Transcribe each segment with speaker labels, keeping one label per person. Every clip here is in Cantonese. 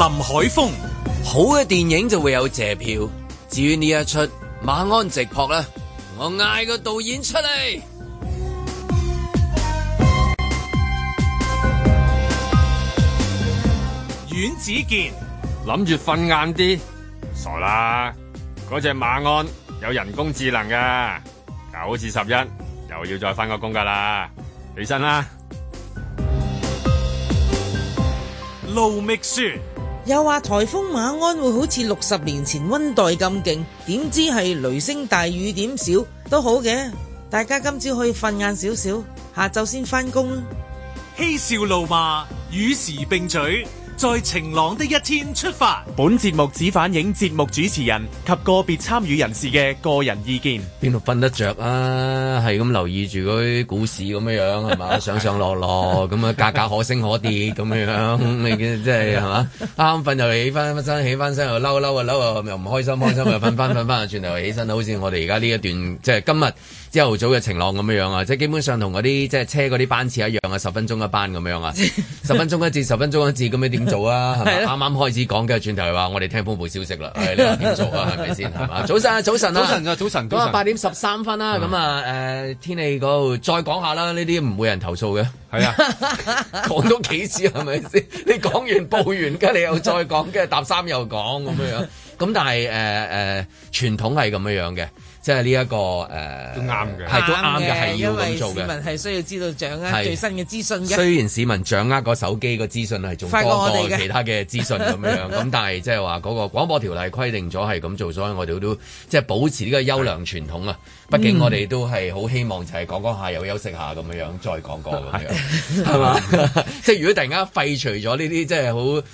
Speaker 1: 林海峰，好
Speaker 2: 嘅電影就會有謝票。至於呢一出《馬鞍直撲》啦，我嗌個導演出嚟。
Speaker 3: 阮子健諗住瞓晏啲，傻啦！嗰隻馬鞍有人工智能㗎，九至十一，又要再返個工噶啦，起身啦。
Speaker 1: 盧覓雪。
Speaker 4: 又話台風馬鞍會好似六十年前溫黛咁勁，點知係雷聲大雨點少都好嘅，大家今朝可以瞓晏少少，下晝先返工啦。嬉笑
Speaker 1: 怒罵與時並舉。在晴朗的一天出發。本節目只反映節目主持人及個別參與人士嘅個人意見。邊度瞓得着
Speaker 2: 啊？係咁留意住嗰啲股市咁樣樣係嘛？上上落落咁啊，價格可升可跌咁樣 這樣， 嗯、你即係係嘛？啱瞓 又起翻身，起翻身又嬲嬲啊嬲啊，又唔開心開心又瞓翻瞓翻啊，轉頭起身好似我哋而家呢一段即係、就是、今日。朝頭早嘅晴朗咁樣樣啊，即係基本上同嗰啲即係車嗰啲班次一樣啊，十分鐘一班咁樣啊， 十分鐘一至十分鐘一至咁樣點做啊？係咪啱啱開始講嘅，轉頭話我哋聽風暴消息啦， 你點做啊？係咪先？係 嘛？早晨啊，早晨晨、啊。早晨、啊、早晨。早晨。咁啊，八點十三分啦，咁啊，誒，天氣嗰度再講下啦，呢啲唔會有人投訴嘅，係啊，講咗幾次係咪先？你講完報完，跟你又再講，跟住搭三又講咁樣樣，咁但係誒誒，傳、呃呃、統係咁樣樣嘅。即係呢一個誒、呃，都啱嘅，係都啱嘅，係要咁做嘅。市民
Speaker 4: 係需要知道掌握最新嘅資訊嘅。雖然
Speaker 2: 市民掌握個手機個資訊係仲多過其他嘅資訊咁樣，咁但係即係話嗰個廣播條例規定咗係咁做， 所以我哋都即係、就是、保持呢個優良傳統啊。畢竟我哋都係好希望就係講講下，又休息下咁樣再講講咁樣，係嘛？ 即係如果突然間廢除咗呢啲即係好，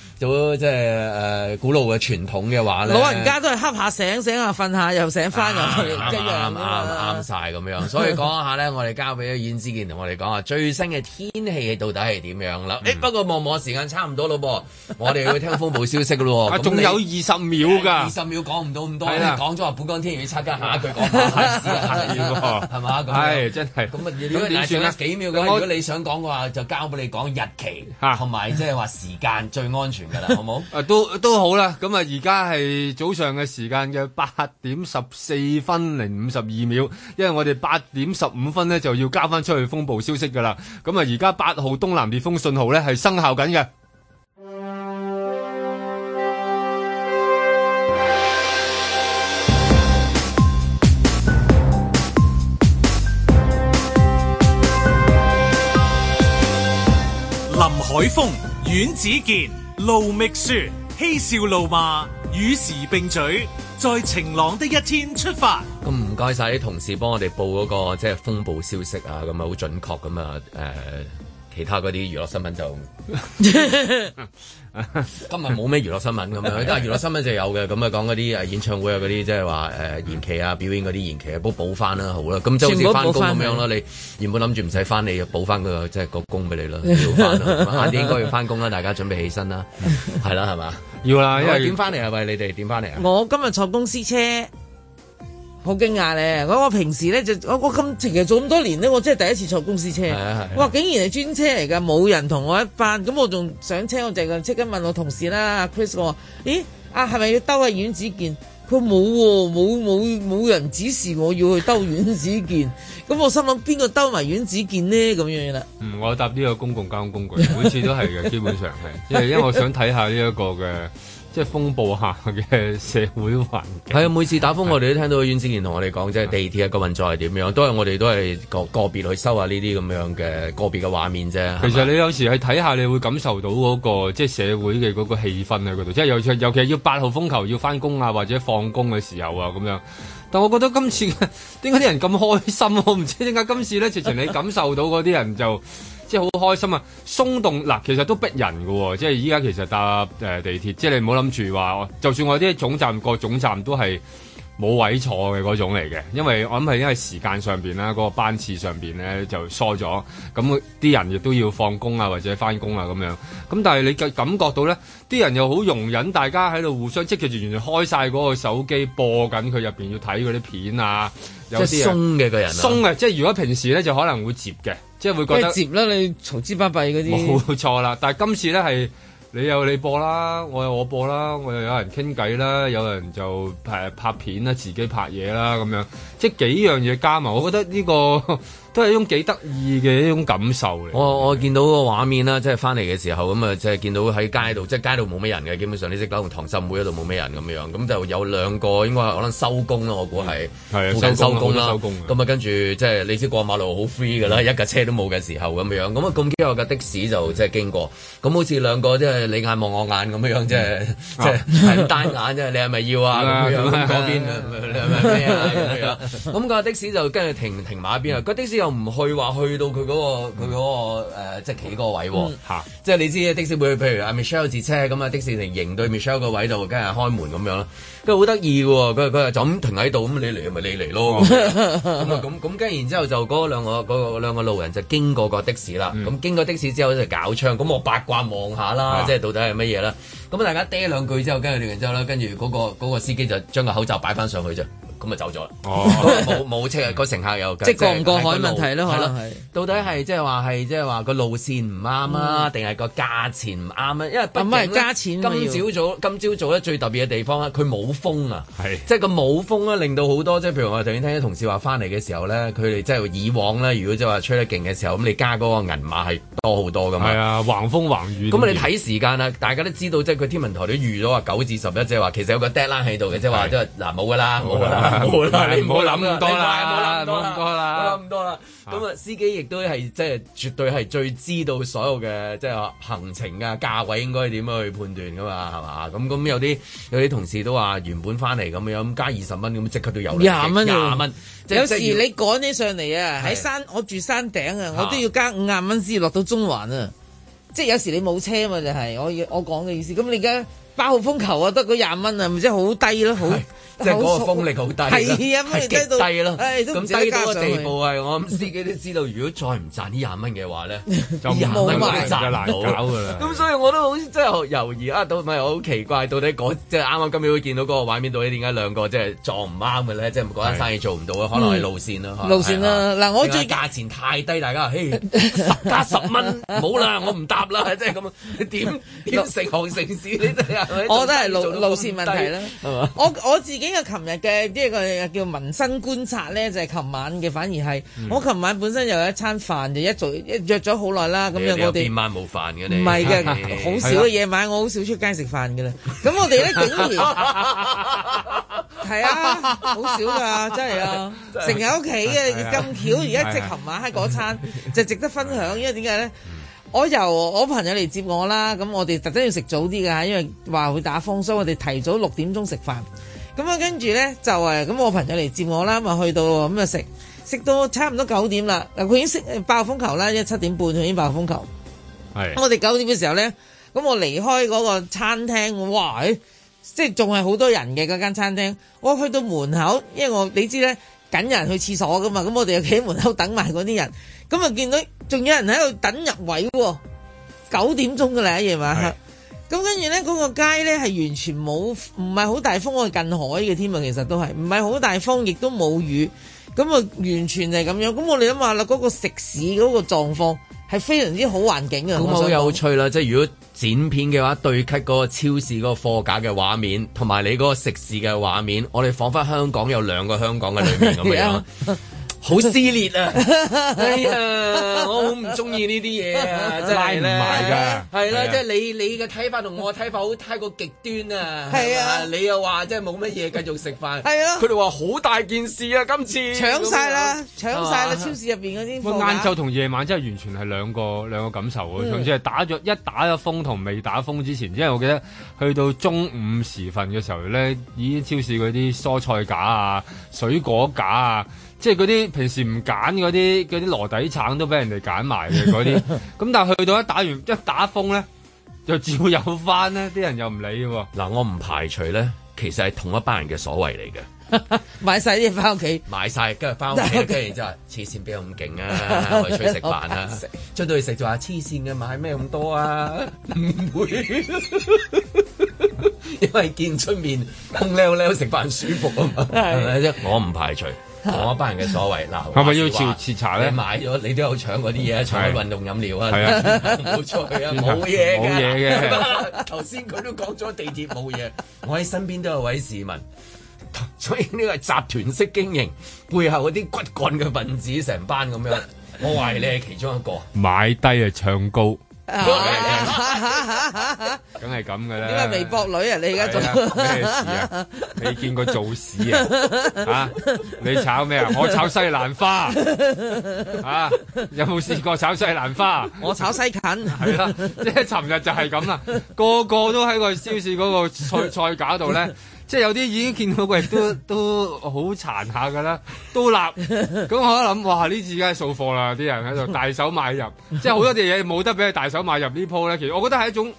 Speaker 2: 即係誒古老嘅傳統嘅話老人家
Speaker 4: 都係瞌下醒，醒下瞓下又醒翻啱啱啱
Speaker 2: 曬咁樣，所以講下咧，我哋交俾阿燕子健同我哋講下最新嘅天氣到底係點樣啦。誒，不過望望時間差唔多咯噃， 我哋要聽風暴消息嘅咯喎。仲、啊、有二十秒㗎、嗯，二十秒講唔到咁多，講咗話本港天氣七級嚇，佢講係係
Speaker 5: 喎，
Speaker 3: 係、啊、嘛？係、啊、 真係。咁啊，如果仲有幾
Speaker 2: 秒嘅，如果你想講嘅話，就交俾你講日期同埋即係話時間最安全㗎啦，好冇？
Speaker 3: 誒，都都好啦。咁啊，而家係早上嘅時間嘅八點十四分。零五十二秒，因為我哋八點十五分呢就要交翻出去風暴消息噶啦。咁啊，而家八號東南烈風信號呢係生效緊嘅。
Speaker 1: 林海峰、阮子健、盧覓雪、嬉笑怒罵，與時並舉。在晴朗的一天出發。
Speaker 2: 咁唔該晒啲同事幫我哋報嗰、那個即係、就是、風暴消息啊！咁啊好準確咁啊、呃其他嗰啲娛樂新聞就 今日冇咩娛樂新聞咁樣， 但娛樂新聞就有嘅，咁啊講嗰啲演唱會啊嗰啲，即係話延期啊表演嗰啲延期啊，期啊補都補翻啦好啦，咁就好似翻工咁樣啦，你原本諗住唔使翻，你補翻、個即係、就是、個工俾你咯，要翻啦，下 啲應該要翻工啦，大家準備起身啦，係啦係嘛，要啦，因為點翻嚟啊？喂你哋點翻嚟
Speaker 4: 啊？我今日坐公司車。好驚訝咧！我我平時咧就我我咁長期做咁多年咧，我真係第一次坐公司車。啊啊、我話竟然係專車嚟㗎，冇人同我一班。咁我仲上車，我就即刻問我同事啦。Chris 我話：咦啊，係咪要兜下阮子健？佢冇喎，冇冇冇人指示我要去兜阮子健。咁 我心諗邊個兜埋阮子健呢？」咁樣啦。
Speaker 3: 我搭呢個公共交通工具每次都係嘅， 基本上係，因為因為我想睇
Speaker 2: 下呢一個嘅。即係風暴下嘅社會環境，係啊！每次打風，我哋都聽到阮志賢同我哋講，即係地鐵一個運作係點樣，都係我哋都係個個別去收下呢啲咁樣嘅個別嘅畫面啫。其實你有
Speaker 3: 時去睇下，你會感受到嗰個即係社會嘅嗰個氣氛喺嗰度，即係尤其尤其要八號風球要翻工啊，或者放工嘅時候啊咁樣。但我覺得今次點解啲人咁開心，我唔知點解今次咧，直情你感受到嗰啲人就。 即係好開心啊！鬆動嗱，其實都逼人㗎喎，哦，即係依家其實搭誒地鐵，即係你唔好諗住話，就算我啲總站過總站都係。冇位坐嘅嗰種嚟嘅，因為我諗係因為時間上面啦，嗰、嗰個班次上面咧就疏咗，咁啲人亦都要放工啊或者翻工啊咁樣，咁但係你感感覺到咧，啲人又好容忍，大家喺度互相即係完全開晒嗰個手機播緊佢入面要睇嗰啲片啊，有啲鬆嘅個人、啊，鬆嘅，即係如果平時咧就可能會接嘅，即係會覺得接
Speaker 4: 啦，你嘈之巴閉嗰啲，冇
Speaker 3: 錯啦，但係今次咧係。你有你播啦，我有我播啦，我又有人傾偈啦，有人就拍，拍片啦，自己拍嘢啦咁樣，即係幾樣嘢加埋，我覺
Speaker 2: 得呢個。 都係一種幾得意嘅一種感受。我我見到個畫面啦，即係翻嚟嘅時候咁啊，即係見到喺街度，即係街度冇咩人嘅，基本上呢隻狗同唐浸妹嗰度冇咩人咁樣。咁就有兩個應該可能收工咯，我估係，係啊，收工啦。咁啊，跟住即係你知過馬路好 free 㗎啦， 一架車都冇嘅時候咁樣。咁啊，咁巧架的士就即係經過，咁好似兩個即係你眼望我眼咁樣，即係即係單眼即係你係咪要啊？咁樣 嗰邊係咪咩啊？咁架、 啊、 的士就跟住停停埋一邊啊！架 的士. 又唔去話去到佢嗰、那個佢、那個誒、呃，即係企嗰個位、嗯，即係你知的士會，譬如阿 Michelle 截車咁啊，的士停停對 Michelle 個位度，梗係開門咁樣啦，即係好得意嘅。佢佢就咁停喺度，咁你嚟咪、就是、你嚟咯。咁咁跟然之後，後就嗰兩個嗰兩個路人就經過個的士啦。咁、嗯、經過的士之後就搞槍。咁我八卦望下啦，啊、即係到底係乜嘢啦？咁大家嗲兩句之後，跟住傾完之後咧，跟住嗰、那個、那個那個司機就將個口罩擺翻上去啫。咁 咪走咗啦！冇、哦、冇車啊！個乘客又即過唔過海問題咯，可能係到底係即係話係即係話個路線唔啱啊，定係個價錢唔啱啊？因為加錢。今朝早，早今朝早咧最特別嘅地方咧，佢冇風啊！即係個冇風咧、啊，令到好多即係譬如我哋頭先聽啲同事話翻嚟嘅時候咧，佢哋即係以往咧，如果即係話吹得勁嘅時候，咁你加嗰個銀碼係多好多㗎嘛？係啊，橫風橫雨。咁你睇時間啦、嗯，大家都知道即係佢天文台都預咗話九至十一，即係話其實有個 deadline 喺度嘅，即係話即係嗱冇㗎啦，冇㗎啦。好啦，你唔好諗咁多啦，唔好諗咁多啦，唔好諗咁多啦。咁啊，司機亦都係即係絕對係最知道所有嘅即係行程啊，價位應該點樣去判斷噶嘛，係嘛？咁咁有啲有啲同事都話原本翻嚟咁樣，加二十蚊咁即刻都有。廿蚊、啊，廿蚊。有時你
Speaker 4: 趕起上嚟啊，喺山，我住山頂啊，我都要加五廿蚊先落到中環啊，啊。即係有時你冇車嘛，就係、是、我我講嘅意思。咁你而家八號風球、就是、啊，得嗰廿蚊啊，咪即係好低咯，好。即係嗰個風力好低啦，嗯哎，低極低咯。咁低到個地步
Speaker 2: 係 我諗司機都知道，如果再唔賺呢廿蚊嘅話咧， 話就廿蚊都賺唔到啦。咁、 嗯、所以我都好真係猶豫 啊，到我好奇怪，到底嗰即係啱啱今朝見到嗰個畫面，到底點解兩個即係撞唔啱嘅咧？即係唔嗰單生意做唔到咧？可能係路線啦、嗯啊。路線啦、啊、嗱、啊啊，我知價錢太低，大家嘿十加十蚊，冇 啦 10+10 元， 我唔搭啦，即係咁點點成行成市？ 我覺得係路路線問題啦。
Speaker 4: 我 我自己。呢個琴日嘅呢個叫民生觀察咧，就係、是、琴晚嘅。反而係、嗯、我琴晚本身又有一餐飯，就一做一約咗好耐啦。咁樣我哋晚冇飯嘅，唔係嘅好少嘅夜、啊、晚我， 我好少出街食飯嘅啦。咁我哋咧竟然係 啊，好少㗎，真係啊，成日喺屋企嘅咁巧。而家、啊啊、即係琴晚喺嗰餐就值得分享，因為點解咧？我由我朋友嚟接我啦。咁我哋特登要食早啲㗎，因為話會打風，所以我哋提早六點鐘食飯。咁、嗯、啊，跟住咧就誒、是，咁、嗯、我朋友嚟接我啦，咁、嗯、啊去到咁啊食，食、嗯、到差唔多九點啦。嗱、嗯，佢已經食爆風球啦，因為七點半佢已經爆風球。咁我哋九點嘅時候咧，咁、嗯、我離開嗰個餐廳，哇！欸、即係仲係好多人嘅嗰間餐廳。我去到門口，因為我你知咧緊人去廁所噶嘛，咁、嗯、我哋又企喺門口等埋嗰啲人。咁、嗯、啊，見到仲有人喺度等入位喎，九點鐘㗎啦，夜晚黑。嗯嗯咁跟住呢，嗰個街呢係完全冇，唔係好大風嘅近海嘅天物，其實都係唔係好大風，亦都冇雨，咁啊完全就係咁樣。咁我哋諗下啦，嗰個食肆嗰個狀況係非常之好環境呀。咁好有
Speaker 2: 趣啦！即係如果剪片嘅話，對咳嗰個超市嗰個貨架嘅畫面，同埋你嗰個食肆嘅畫面，我哋彷彿香港有兩個香港嘅裏面咁 樣。Yeah. 好撕裂啊！ 哎呀我好唔
Speaker 4: 中意呢啲嘢啊！真係㗎？係啦，即係、
Speaker 2: 啊啊啊就是、你你嘅睇法同我睇法好太過極端啊！係啊，你又話即係冇乜嘢繼續食飯，係啊，佢哋話好大件事啊！今次搶晒啦，
Speaker 4: 搶晒啦！超市入邊嗰啲，晏晝
Speaker 3: 同夜晚真係完全係兩個兩個感受啊！總之係打咗一打咗風同未打風之前，因 為我記得去到中午時分嘅時候咧，已經超市嗰啲蔬菜架啊、水果架啊。即係嗰啲平時唔揀嗰啲嗰啲籮底橙都俾人哋揀埋嘅嗰啲，咁 但係去到一打完一打風咧，就照有翻咧，啲人又唔理喎、哦。嗱，我唔排除咧，其
Speaker 2: 實係同一班人嘅所謂嚟嘅。
Speaker 4: 買晒啲嘢翻屋企，
Speaker 2: 買晒跟住翻
Speaker 3: 屋企就
Speaker 2: 黐線，邊有咁勁啊？出去食飯啊？出到去食就話黐線嘅，買咩咁多啊？唔 不會， 因為見出面溜溜食飯舒服啊嘛， 係咪啫 我唔排除。同一班人嘅所謂，嗱 話說，係咪要徹徹查咧？你買咗，你都有搶嗰啲嘢，搶啲運動飲料 啊！啊，冇
Speaker 5: 錯啊，冇嘢冇嘢嘅。
Speaker 2: 頭先佢都講咗地鐵冇嘢，我喺身邊都有位市民，所以呢個係集團式經營背後嗰啲骨幹嘅分子成班咁樣，我懷疑你係其中一個。
Speaker 3: 買低啊，唱高。梗係咁噶啦！因為微博女啊，你而家做咩、啊、事啊？未見過做屎啊？吓、啊，你炒咩啊？我炒西蘭花啊？啊有冇試過炒西蘭花、啊？
Speaker 4: 我炒西芹，係啦、 啊，
Speaker 3: 即係尋日就係咁啦，個個都喺個超市嗰個菜 菜架度咧。即係有啲已經見到個都都好殘下㗎啦，都立咁我一諗，哇！呢次梗係掃貨啦，啲人喺度大手買入， 即係好多嘢嘢冇得俾佢大手買入呢鋪咧。其實我覺得係一種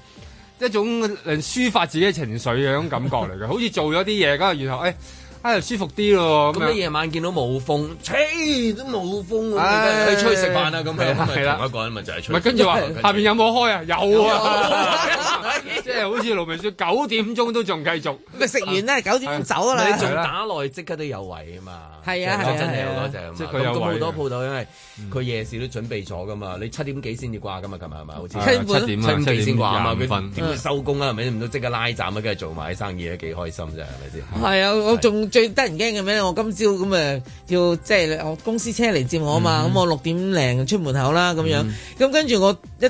Speaker 3: 一種能抒發自己情緒嘅一種感覺嚟嘅，好似做咗啲嘢咁，然後哎～哎、舒服啲咯，咁你夜晚見到冇風，
Speaker 1: 吹、欸，都冇風、啊，去、哎、出
Speaker 3: 去食飯啦、啊，咁、哎、咪、啊、同一
Speaker 2: 個人咪就係出去、啊。跟住話，下
Speaker 3: 面有冇開啊，啊？有啊，即 係 好似盧明説，九點鐘都仲繼續。食、 啊、完
Speaker 2: 咧，九點走啦、啊啊。你仲打耐，即刻都有位啊嘛。係啊係、啊、真係啊。即係佢有好多鋪頭因為佢夜市都準備咗噶嘛，嗯嘛嗯，你七點幾先至掛噶嘛？琴日係咪？好似七點七點先、啊、掛啊嘛。點收工啊？係咪都唔都即刻拉站啊？跟住做埋啲生意都幾開心啫，係咪先？
Speaker 4: 係啊，我仲。最得人驚嘅咩咧？我今朝咁誒要即係我公司車嚟接我啊嘛，咁、嗯、我六點零出門口啦，咁樣咁、嗯、跟住我一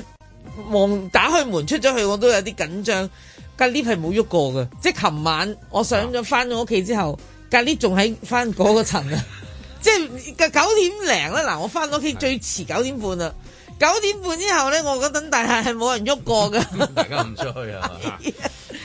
Speaker 4: 望打開門出咗去，我都有啲緊張。隔 lift 係冇喐過嘅，即係琴晚我上咗翻咗屋企之後，隔 lift 仲喺翻嗰個層啊，即係九點零啦。嗱，我翻到屋企最遲九點半啦，九點半之後咧，我覺得大廈係冇人喐過㗎。 大家
Speaker 2: 唔
Speaker 4: 追啊，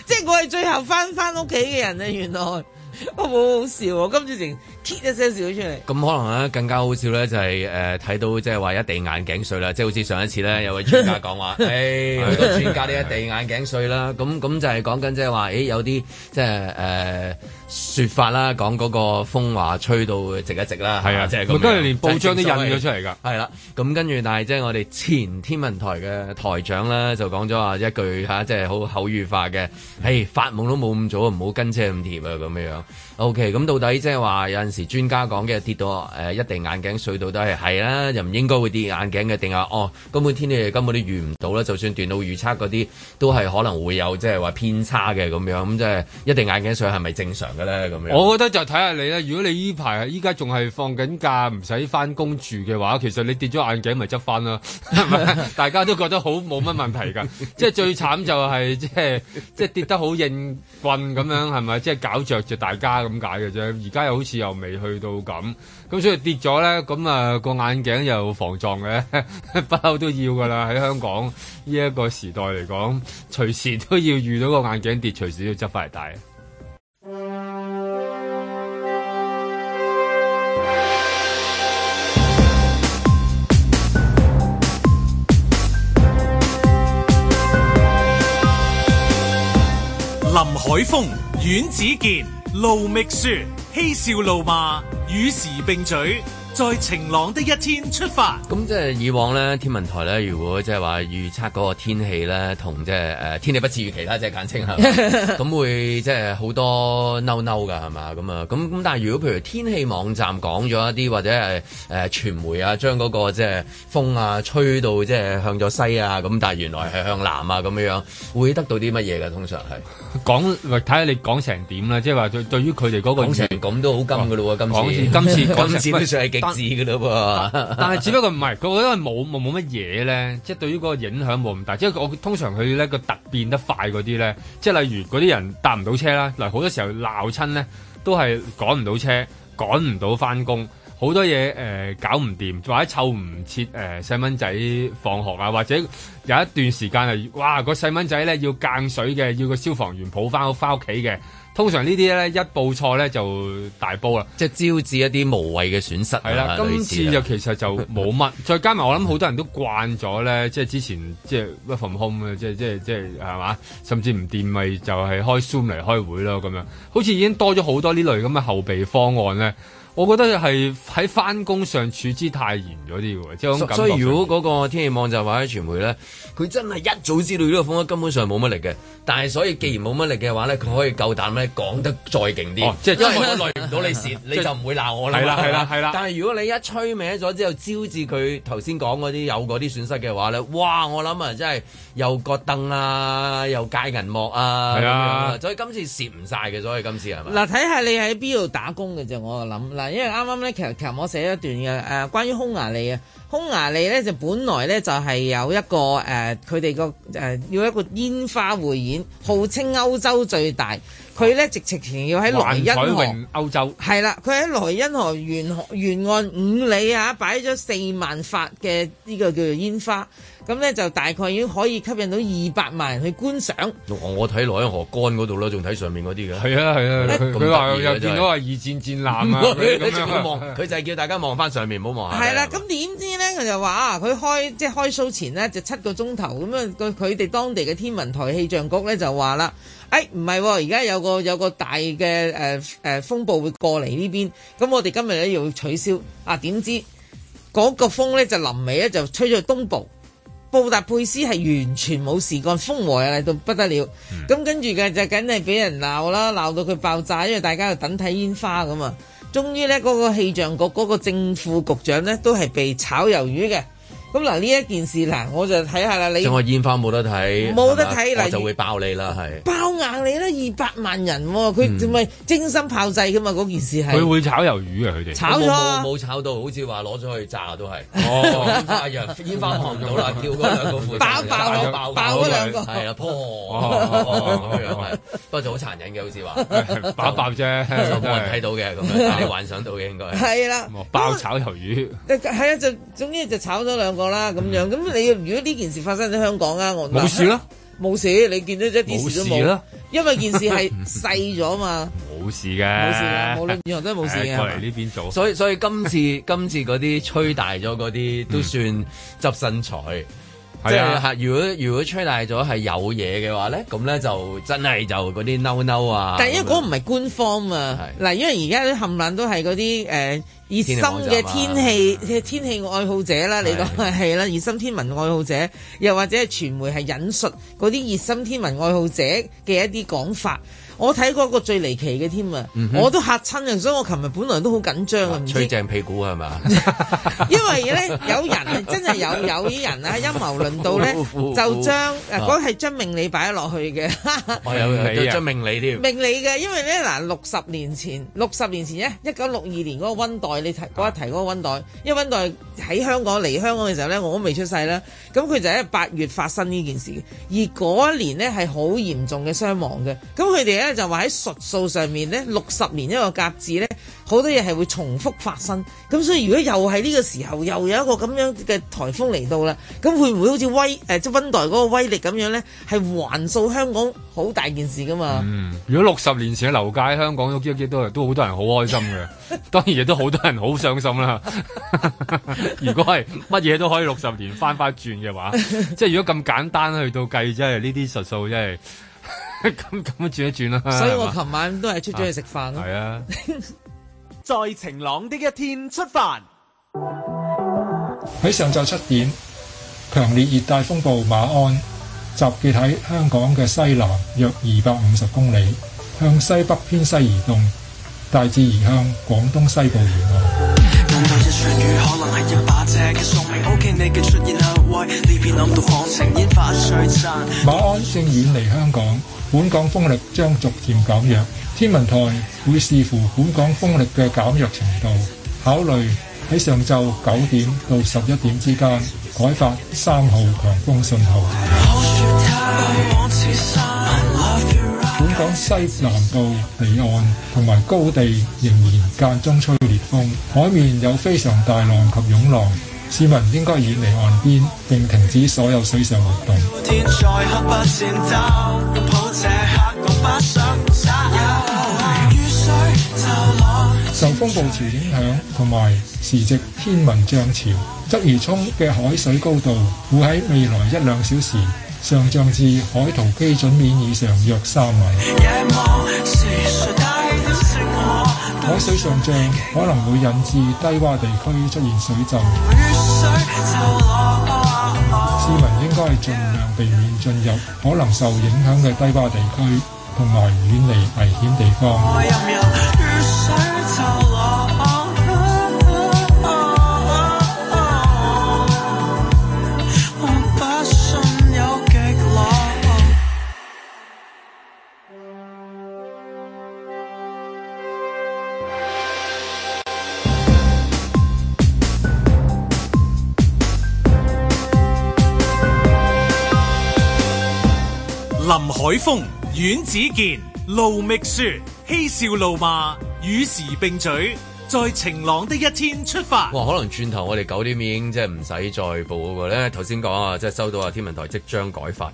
Speaker 4: 即係我係最後翻翻屋企嘅人啊，原來。 我好好笑，啊，我今次成。一笑出嚟，
Speaker 2: 咁可能咧更加好笑咧，就係誒睇到即係話一地眼鏡碎啦，即係好似上一次咧有位專家講話，誒、 欸、 個專家呢，一地眼鏡碎啦，咁 咁就係講緊即係話，有啲即係誒説法啦，講嗰個風話吹到直一直啦，係啊，即係咁。唔通連報章都印咗出嚟噶，係啦、啊。咁跟住，但係即係我哋前天文台嘅台長啦就講咗話一句吓，即係好口語化嘅，誒、欸、發夢都冇咁早，唔好跟車咁貼啊，咁樣樣。O K，咁到底即係話有陣時專家講嘅跌到、呃、一地眼鏡碎到都係係啦，又唔應該會跌眼鏡嘅定係？哦，根本天氣根本都預唔到啦，就算電腦預測嗰啲都係可能會有即係話偏差嘅咁樣，咁即係一地眼鏡碎係係咪正常嘅咧？咁樣我覺得
Speaker 3: 就睇下你啦。如果你依排依家仲係放緊假唔使翻工住嘅話，其實你跌咗眼鏡咪執翻啦，咪？ 大家都覺得好冇乜問題㗎， 即係最慘就係、即係、即係即跌得好硬棍咁樣係咪？即係搞着著著大家。咁解嘅啫，而家又好似又未去到咁，咁所以跌咗咧，咁啊個眼鏡又防撞嘅，不嬲都要噶啦。喺香港呢一個時代嚟講，隨時都要遇到個眼鏡跌，隨時要執翻嚟戴。
Speaker 1: 林海峰、阮子健。盧覓雪，嬉笑怒罵，與時並嘴。在晴朗的一天出發。咁即係
Speaker 2: 以往咧天文台咧，如果即係話預測嗰個天氣咧，同即係誒天氣不似預期啦，即係簡稱下，咁會即係好多嬲嬲噶係嘛？咁啊咁咁，但係如果譬如天氣網站講咗一啲，或者係誒傳媒啊，將嗰個即係風啊吹到即係向咗西啊，咁但係原來係向南啊咁樣樣會得到啲乜嘢嘅，通常係講睇下你講成點啦，即係話對對於佢哋嗰個。講成咁都好金㗎咯喎，今次今次 今次知嘅嘞噃，但係只不
Speaker 3: 過唔係，佢覺得冇冇冇乜嘢咧，即係對於嗰個影響冇咁大。即係我通常佢咧個突變得快嗰啲咧，即係例如嗰啲人搭唔到車啦，嗱好多時候鬧親咧都係趕唔到車，趕唔到翻工，好多嘢誒、呃、搞唔掂，或者湊唔切誒細蚊仔放學啊，或者有一段時間係哇個細蚊仔咧要間水嘅，要個消防員抱翻翻屋企嘅。通常呢啲咧一報錯咧就大煲啦，即、就是、招致一啲無謂嘅損失啊。係啦、啊，今次就其實就冇乜， 再加埋我諗好多人都慣咗咧， 即係之前即係 from home 啊，即係即係即係嘛，甚至唔掂咪就係、是、開 Zoom 嚟開會咯咁樣，好似已經多咗好多呢類咁嘅後備方案咧。我覺得係喺翻工上處
Speaker 2: 置太嚴咗啲喎，即係種感所。所以如果嗰個天氣網就話喺傳媒咧，佢真係一早知道呢個風波根本上冇乜力嘅。但係所以既然冇乜力嘅話咧，佢可以夠膽咧講得再勁啲。即、哦、係、就是、因為我累唔到你蝕、 就是，你就唔會鬧我啦。係啦係啦係啦。但係如果你一吹歪咗之後招致佢頭先講嗰啲有嗰啲損失嘅話咧，哇！我諗啊真係又割凳啊，又街銀幕啊，係啊。所以今次蝕唔晒嘅，所以今次
Speaker 4: 係咪？嗱，睇下你喺邊度打工嘅啫，我就諗。因為啱啱咧，其實其實我寫咗一段嘅，誒，關於匈牙利嘅。匈牙利咧就本來咧就係有一個，誒、呃，佢哋個，誒、呃，要一個煙花匯演，號稱歐洲最大。佢咧直情前要喺萊茵河歐洲係啦，佢喺萊茵河沿岸沿岸五里啊，擺咗四萬發嘅呢個叫做煙花，咁咧就大概已經可以吸引到二百萬人去觀賞。
Speaker 2: 哦。我睇萊茵河乾嗰度啦，仲睇上面嗰啲嘅。係啊係啊，佢話、就是、又見到啊二戰戰艦啊，你仲要望？佢 就係叫大家望翻上面，唔好望。係啦，
Speaker 4: 咁點知咧？佢就話啊，佢開即係開 show 前呢，就七個鐘頭咁樣佢佢哋當地嘅天文台氣象局咧就話啦。哎，唔係喎，而家有個有個大嘅誒誒風暴會過嚟呢邊，咁我哋今日咧要取消啊，點知嗰個風咧就臨尾咧就吹咗去東部，布達佩斯係完全冇事幹，風和日麗到不得了，咁跟住嘅就梗係俾人鬧啦，鬧到佢爆炸，因為大家就等睇煙花咁啊，終於咧嗰個氣象局嗰個正副局長咧都係被炒魷魚嘅。咁嗱呢一件事嗱，我就睇下啦。你仲話
Speaker 2: 煙花冇得睇，冇得睇嗱，就會爆你啦，係
Speaker 4: 爆硬你啦，二百萬人喎、啊，佢咪精心炮製噶嘛嗰、嗯、件事係。佢會炒
Speaker 2: 魷魚呀、啊，佢哋，炒咗冇炒到好似話攞咗去炸都係。哦，煙花唔 到啦， 跳嗰兩,兩個，爆爆爆爆嗰兩個，係啦、啊，不過就好殘忍嘅，好似話爆爆啫，睇到嘅咁樣你幻想到嘅應該
Speaker 3: 係啦、 啊，爆炒魷魚，
Speaker 4: 係啊，就總之就炒咗兩個。啦咁樣，咁、嗯、你如果呢件事發生喺香港啊，我冇事啦，冇事，你見到一啲事都冇事，因為件事係細咗嘛，
Speaker 2: 冇 事嘅，冇事， 無論以後都係冇事嘅，嚟呢邊做，所以所以今次 今次嗰啲吹大咗嗰啲都算執身材。嗯即係、啊、如果如果吹大咗係有嘢嘅話咧，咁咧就真係就嗰啲 no no」啊！但係因為
Speaker 4: 嗰個唔係官方啊，嗱，因為而家啲冚冷都係嗰啲誒熱心嘅天氣嘅天氣、啊、天氣愛好者啦，你講係啦，熱心天文愛好者，又或者係傳媒係引述嗰啲熱心天文愛好者嘅一啲講法。我睇過一個最離奇嘅添啊！我都嚇親啊！所以我琴日本來都好緊張啊！吹正屁股係嘛、 啊？ 因為咧有人真係有有啲人啊，陰謀論到咧，就將誒嗰係將命理擺落去嘅。我有睇啊，將
Speaker 2: 命理添命
Speaker 4: 理嘅，因為咧嗱六十年前，六十年前咧一九六二年嗰個溫黛，你提嗰一提嗰個溫黛，因為溫黛喺香港嚟香港嘅時候咧，我都未出世啦。咁佢就喺八月發生呢件事，而嗰一年咧係好嚴重嘅傷亡嘅。咁佢哋咧就話喺術數上面咧，六十年一個甲子咧，好多嘢係會重複發生。咁所以如果又係呢個時候又有一個咁樣嘅颱風嚟到啦，咁會唔會好似威誒即溫黛嗰個威力咁樣咧？係橫掃香港好大件事㗎嘛，嗯？如
Speaker 3: 果六十年前嘅樓價，香港都幾幾多都好多人好開心嘅， 當然亦都好多人好傷心啦。 如果係乜嘢都可以六十年翻翻轉嘅話，即係如果咁簡單去到計，即係呢啲術數即係。咁咁啊，轉一轉啦！所以我琴晚都係出咗去食飯咯。係啊，
Speaker 1: 再 晴朗一啲嘅一天出發。
Speaker 6: 喺 上晝七點，強烈熱帶風暴馬鞍集結喺香港嘅西南約二百五十公里，向西北偏西移動，大致移向廣東西部沿
Speaker 5: 岸
Speaker 6: 馬鞍正遠離香港。本港風力將逐漸減弱，天文台會視乎本港風力嘅減弱程度，考慮喺上晝九點到十一點之間改發三號強風信號。Tight, shine, right、本港西南部海岸同埋高地仍然間中吹烈風，海面有非常大浪及湧浪，市民應該遠離岸邊並停止所有水上活動。雨水 受風暴潮影響，同埋時值天文漲潮，鰂魚涌嘅海水高度會喺未來一兩小時上漲至海圖基準面以上約三米
Speaker 1: 。
Speaker 6: 海水上漲可能會引致低洼地區出現水浸。 市民應該盡量避免進入可能受影響嘅低窪地區，同埋遠離危險地方。Oh
Speaker 1: 林海峰、阮子健、盧覓雪，嬉笑怒罵，與時並舉，在晴朗的一天出發。哇，可能轉頭
Speaker 2: 我哋九點已經即係唔使再報嗰個咧。頭先講啊，即係收到啊，天文台即將改發。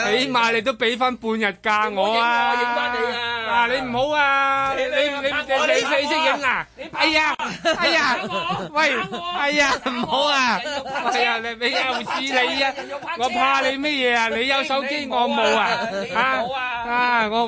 Speaker 3: 起碼你都俾翻半日假我，我啊！
Speaker 6: 我影翻你啊！
Speaker 4: 嗱，你唔好啊！你你你你你識影啊你？哎呀 哎呀！喂，哎呀唔好、哎、啊，啊！哎呀你你又似你啊，是人人啊！我怕你乜嘢啊？你有手機我冇啊？啊！啊！我唔好，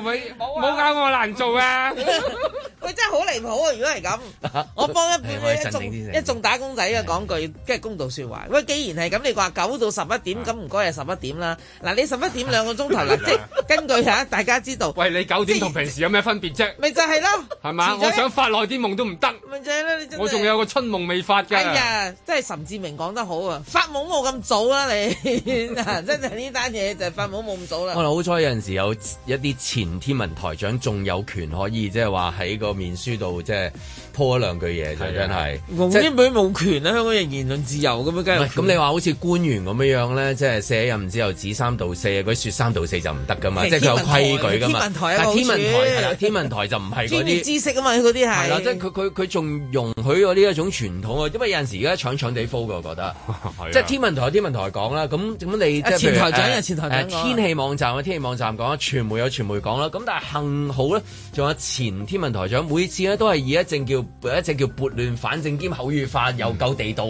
Speaker 4: 唔好搞我難做啊！佢真係好離譜啊！如果係咁，我幫一幫一眾一眾打工仔啊！講句，跟住公道説話。喂，既然係咁，你話九到十一點，咁唔該係十一點啦。嗱，你十一點兩個鐘頭嗱，即係根據嚇大家知道。喂，你九點同平時有咩分別啫？咪就係咯，
Speaker 3: 係嘛？我想發耐啲夢都唔得。
Speaker 4: 咪就係咯，我仲有
Speaker 3: 個春夢未發㗎。係啊，
Speaker 4: 真係岑志明講得好啊！發夢冇咁早啦，你嗱，真係呢單嘢就係發夢冇咁早啦。我話
Speaker 2: 好彩有陣時有。一啲前天文台長仲有權可以即係話喺個面書度即係鋪一兩句嘢就真係黃之輩冇權啊、就係！香港人言論自由咁樣，梗咁你話好似官員咁樣呢，咧，即係卸任之後指三道四啊！佢說三道四就唔得噶嘛，即係佢有規矩噶嘛。天文台啊，天文台天文台就唔係嗰啲知識啊嘛，嗰啲係。係即係佢佢佢仲容許咗呢一種傳統啊！因為有陣時而家搶搶地㗎。噶，我覺得 即係天文台有天文台講啦。咁咁你即係台長前台長，前台長，呃前台長呃、天氣網站、呃、天氣網站講全會有傳媒講啦，咁但係幸好咧，仲有前天文台長每次咧都係以一隻叫一隻叫撥亂反正兼口語化又、嗯、夠地道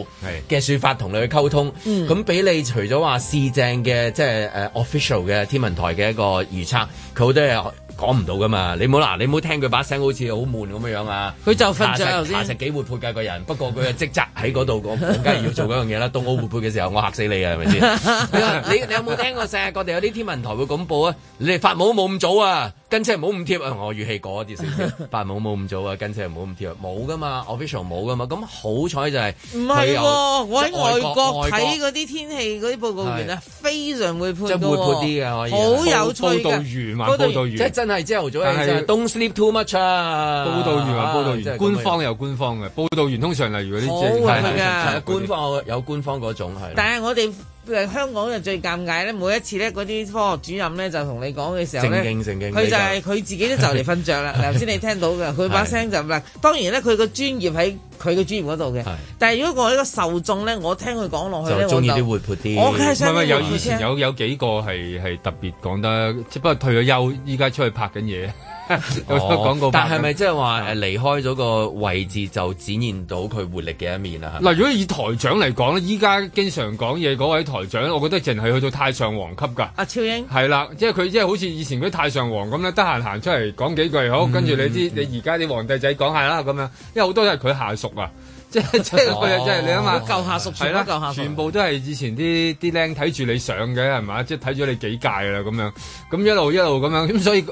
Speaker 2: 嘅説法同你去溝通，咁、嗯、俾、嗯、你除咗話市政嘅即係誒、uh, official 嘅天文台嘅一個預測，佢好多嘢。講唔到噶嘛，你唔好嗱，你唔好聽佢把聲好似好悶咁樣樣啊！佢就瞓咗，其實，幾活潑嘅個人，不過佢嘅職責喺嗰度， 我梗係要做嗰樣嘢啦。到我活潑嘅時候，我嚇死你啊！係咪先？你你有冇聽過世界各地有啲天文台會咁報啊？你哋發夢都冇咁早啊！跟車唔好咁貼啊！我語氣講一啲先。少， 八冇冇咁早啊！跟車唔好咁貼啊！冇噶嘛，official 冇噶嘛。咁好彩就係，唔係喎，我喺外國睇
Speaker 4: 嗰啲天氣嗰啲報告員呢、啊啊，非常會判㗎喎，好、就係啊、有趣報道員嘛，報道員，即係真係朝頭早係、就係，係、啊、don't sleep too much 啊。
Speaker 2: 報道員啊，報道員，官方有官方嘅，報道員通常例如嗰啲，我、啊、係官方有官方嗰、啊啊啊啊啊啊啊、種係、啊。但
Speaker 4: 係我哋。香港就最尷尬咧，每一次咧嗰啲科學主任咧就同你講嘅時候，佢就係、係、佢自己都就嚟瞓着啦。頭 先你聽到嘅，佢把聲就咁啦。當然咧，佢個專業喺佢嘅專業嗰度嘅。 但係如果我呢個受眾咧，我聽佢講落去咧，我就中意啲活潑啲。唔係唔係，有以前
Speaker 3: 有有幾個係係
Speaker 2: 特別講得，只不過退咗休，依家出去拍緊嘢。
Speaker 3: 哦、但是不但係咪即
Speaker 2: 係話誒離開咗個位置就展現到佢活力嘅一面啊？嗱，如果
Speaker 3: 以台長嚟講咧，依家經常講嘢嗰位台長，我覺得淨係去到太上皇級㗎。阿、啊、超英係啦，即係佢即係好似以前嗰啲太上皇咁咧，得閒行出嚟講幾句好，跟住你知你而家啲皇帝仔講下啦咁樣，因為好多都係佢下屬啊。即係即係，即、就、係、是就是哦、你諗下，舊
Speaker 2: 下屬，全，舊下屬全部
Speaker 3: 都係以前啲啲僆睇住你上嘅係嘛？即係睇咗你幾屆啦咁樣，咁一路一路咁樣，咁所以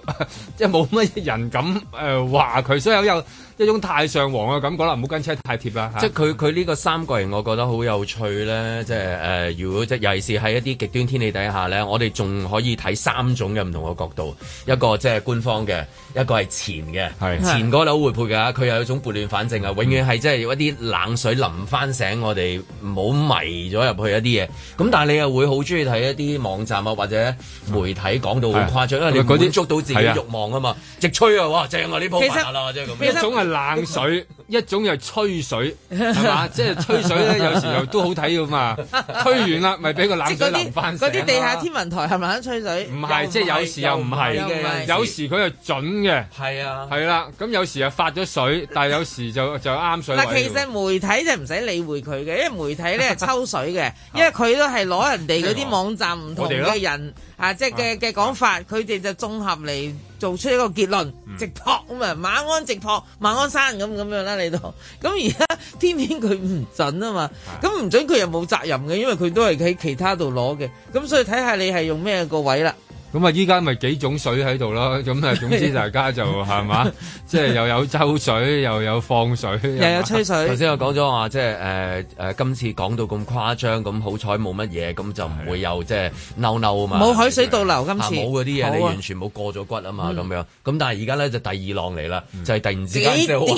Speaker 3: 即係冇乜人敢誒話佢，
Speaker 2: 所以有。一種太上皇嘅感覺啦，唔好跟車太貼啦，即係佢佢呢個三角形，我覺得好有趣咧。即係誒，如果即係尤其是喺一啲極端天氣底下咧，我哋仲可以睇三種嘅唔同嘅角度。一個即係官方嘅，一個係前嘅，前嗰樓會配嘅。佢又有一種撥亂反正啊，永遠係即係有一啲冷水淋翻醒我哋，唔好迷咗入去一啲嘢。咁但係你又會好中意睇一啲網站啊，或者媒體講到好誇張，嗯，因為你滿足到自己嘅慾望啊嘛，直吹啊，哇正我呢鋪物啦，即係
Speaker 5: 咁。
Speaker 3: 冷水，
Speaker 2: 一種又吹水，
Speaker 3: 係 嘛？即係吹水咧， 有時又都好睇噶嘛。吹完啦，咪俾個冷水淋翻曬。即係嗰啲地下天
Speaker 4: 文台係咪喺吹水？唔係，即係有時又唔係嘅，有
Speaker 3: 時佢又準嘅。係啊，係啦，咁有時又發咗水， 但係有時就就啱水。其實
Speaker 4: 媒體就唔使理會佢嘅，因為媒體咧抽水嘅， 因為佢都係攞人哋嗰啲網站唔同嘅人。 啊！即係嘅嘅講法，佢、啊、哋就綜合嚟做出一個結論、嗯，直撲咁啊！馬鞍直撲馬鞍山咁咁樣啦，你都咁而家偏偏佢唔準啊嘛？咁唔準佢又冇責任嘅，因為佢都係喺其他度攞嘅，咁所以睇下你係用咩個位啦。
Speaker 3: 咁啊，依家咪幾種水喺度咯，咁啊，總之大家就係嘛，即 係、就係、又
Speaker 2: 有抽水，又有放水， 又有吹水。頭先我講咗話，即係誒誒，今次講到咁誇張，咁好彩冇乜嘢，咁就唔會有即係鬧鬧啊嘛。冇海、呃呃呃呃呃呃、水倒流今次，冇嗰啲嘢，你完全冇過咗骨啊嘛，咁、嗯、樣。咁但係而家咧就第二浪嚟啦、嗯，就係、係、突然之間就點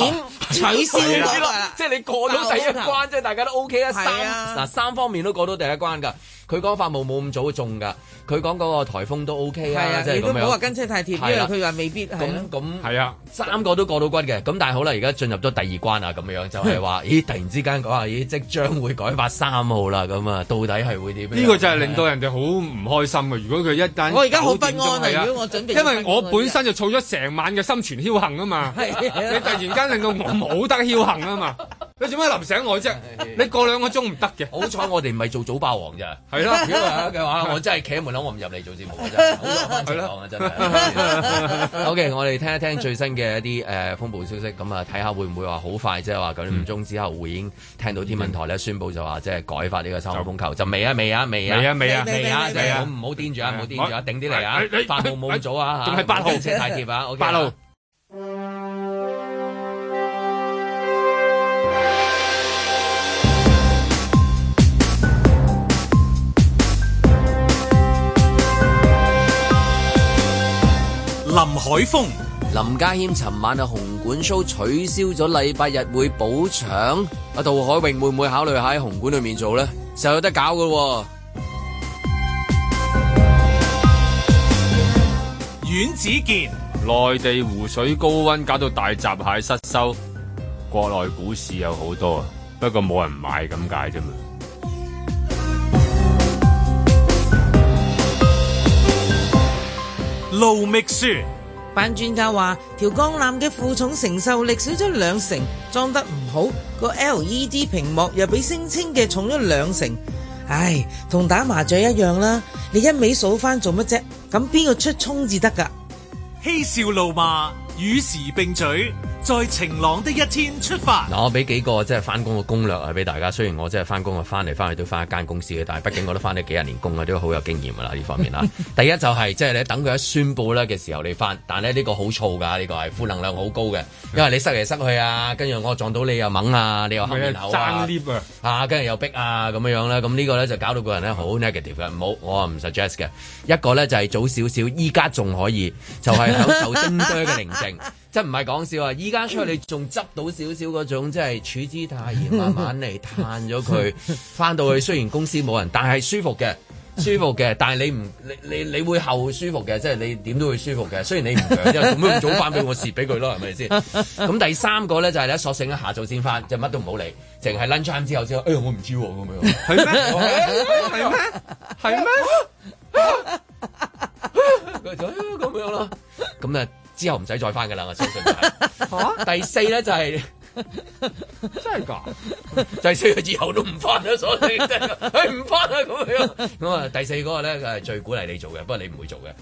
Speaker 2: 取笑之類即係你過到第一關，即係大家都 OK 啦，三嗱三方面都過到第一關㗎。佢講法霧冇咁早中噶，佢講嗰個颱風都 OK 啊，即係、啊咁樣、都唔好話跟車太貼，佢話、
Speaker 4: 啊、未必。咁咁係
Speaker 2: 啊，三個都過到關嘅。咁但係好啦，而家進入咗第二關啊，咁樣就係話， 咦突然之間講話，咦即將會改發三號啦，咁啊，到底係會點？呢、呢個就係令到
Speaker 3: 人哋好唔開心嘅。如果佢一單我而家好不安啊，如果我準備，因為我本身就儲咗成晚嘅心存僥倖嘛 啊嘛，你突然
Speaker 2: 間令到我冇得僥倖啊嘛， 你做咩淋醒我啫？ 你過兩個鐘唔得嘅？好彩 我哋唔係做早霸王咋。 如果嘅話，我真係企喺門口，我唔入嚟做節目真啫。好難講真係。 o Okay , k 我哋聽一聽最新嘅一啲誒、呃、風暴消息，咁啊睇下會唔會話好快，即係話九點五鐘之後會已經聽到天文台咧宣布就話即係改發呢個三號風球， 就未啊未啊未啊未啊未啊，唔好唔好癲住啊，唔好癲住啊，頂啲嚟啊！發夢冇咁早啊？仲係八號？八號、啊。林海峰、林家謙，尋晚喺紅館 show 取消咗，禮拜日會補場。阿杜海榮會唔會考慮喺紅館裏面做咧？就有得搞噶。
Speaker 3: 阮子健，內地湖水高溫搞到大閘蟹失收，國內股市有好多，不過冇人買咁解啫嘛。
Speaker 4: 盧秘書班專，班專家話條鋼纜嘅負重承受力少咗兩成，裝得唔好個 LED 屏幕，又比聲稱嘅重咗兩成，唉，同打麻雀一樣啦，你一味數翻做乜啫？咁邊個出冲至得噶？
Speaker 1: 嬉笑怒罵，與時並舉。在晴朗的一天出發嗱，
Speaker 2: 我俾幾個即係翻工嘅攻略啊，俾大家。雖然我即係翻工啊，翻嚟翻去都翻一間公司嘅，但係畢竟我都翻咗幾廿年工啊，都好有經驗噶啦呢方面啦。 第一就係即係你等佢一宣布咧嘅時候你翻，但係呢個好燥噶，呢、呢個係負能量好高嘅，因為你塞嚟塞去啊，跟住我撞到你又猛啊，你又黑面啊，爭 lift 啊，啊，跟住又逼啊咁樣樣啦，咁呢個咧就搞到個人咧好 negative 嘅。好，我唔 suggest 嘅。一個咧就係早少少，依家仲可以，就係、係、享受靜悄嘅寧靜。 真係唔係講笑啊！依家出去你仲執到少少嗰種，即係處之泰然，慢慢嚟嘆咗佢。翻到去雖然公司冇人，但係舒服嘅，舒服嘅。但係你唔你你你會後舒服嘅，即係你點都會舒服嘅。雖然你唔長，因為咁樣早翻俾我蝕俾佢咯，係咪先？咁 第三個咧就係、咧、你索性一下晝先翻，就乜都唔好嚟，淨係 lunch time 之後之後，哎呀我唔知喎咁樣，係咩？係咩？係咩？咁樣啦，咁啊。 之後唔使再翻噶啦，我相信、就係。第四咧就係、是、真係噶，第四佢以後都唔翻啦，所以真係佢唔翻啦咁樣。咁啊，第四嗰個咧係最鼓勵你做嘅，不過你唔會做
Speaker 1: 嘅。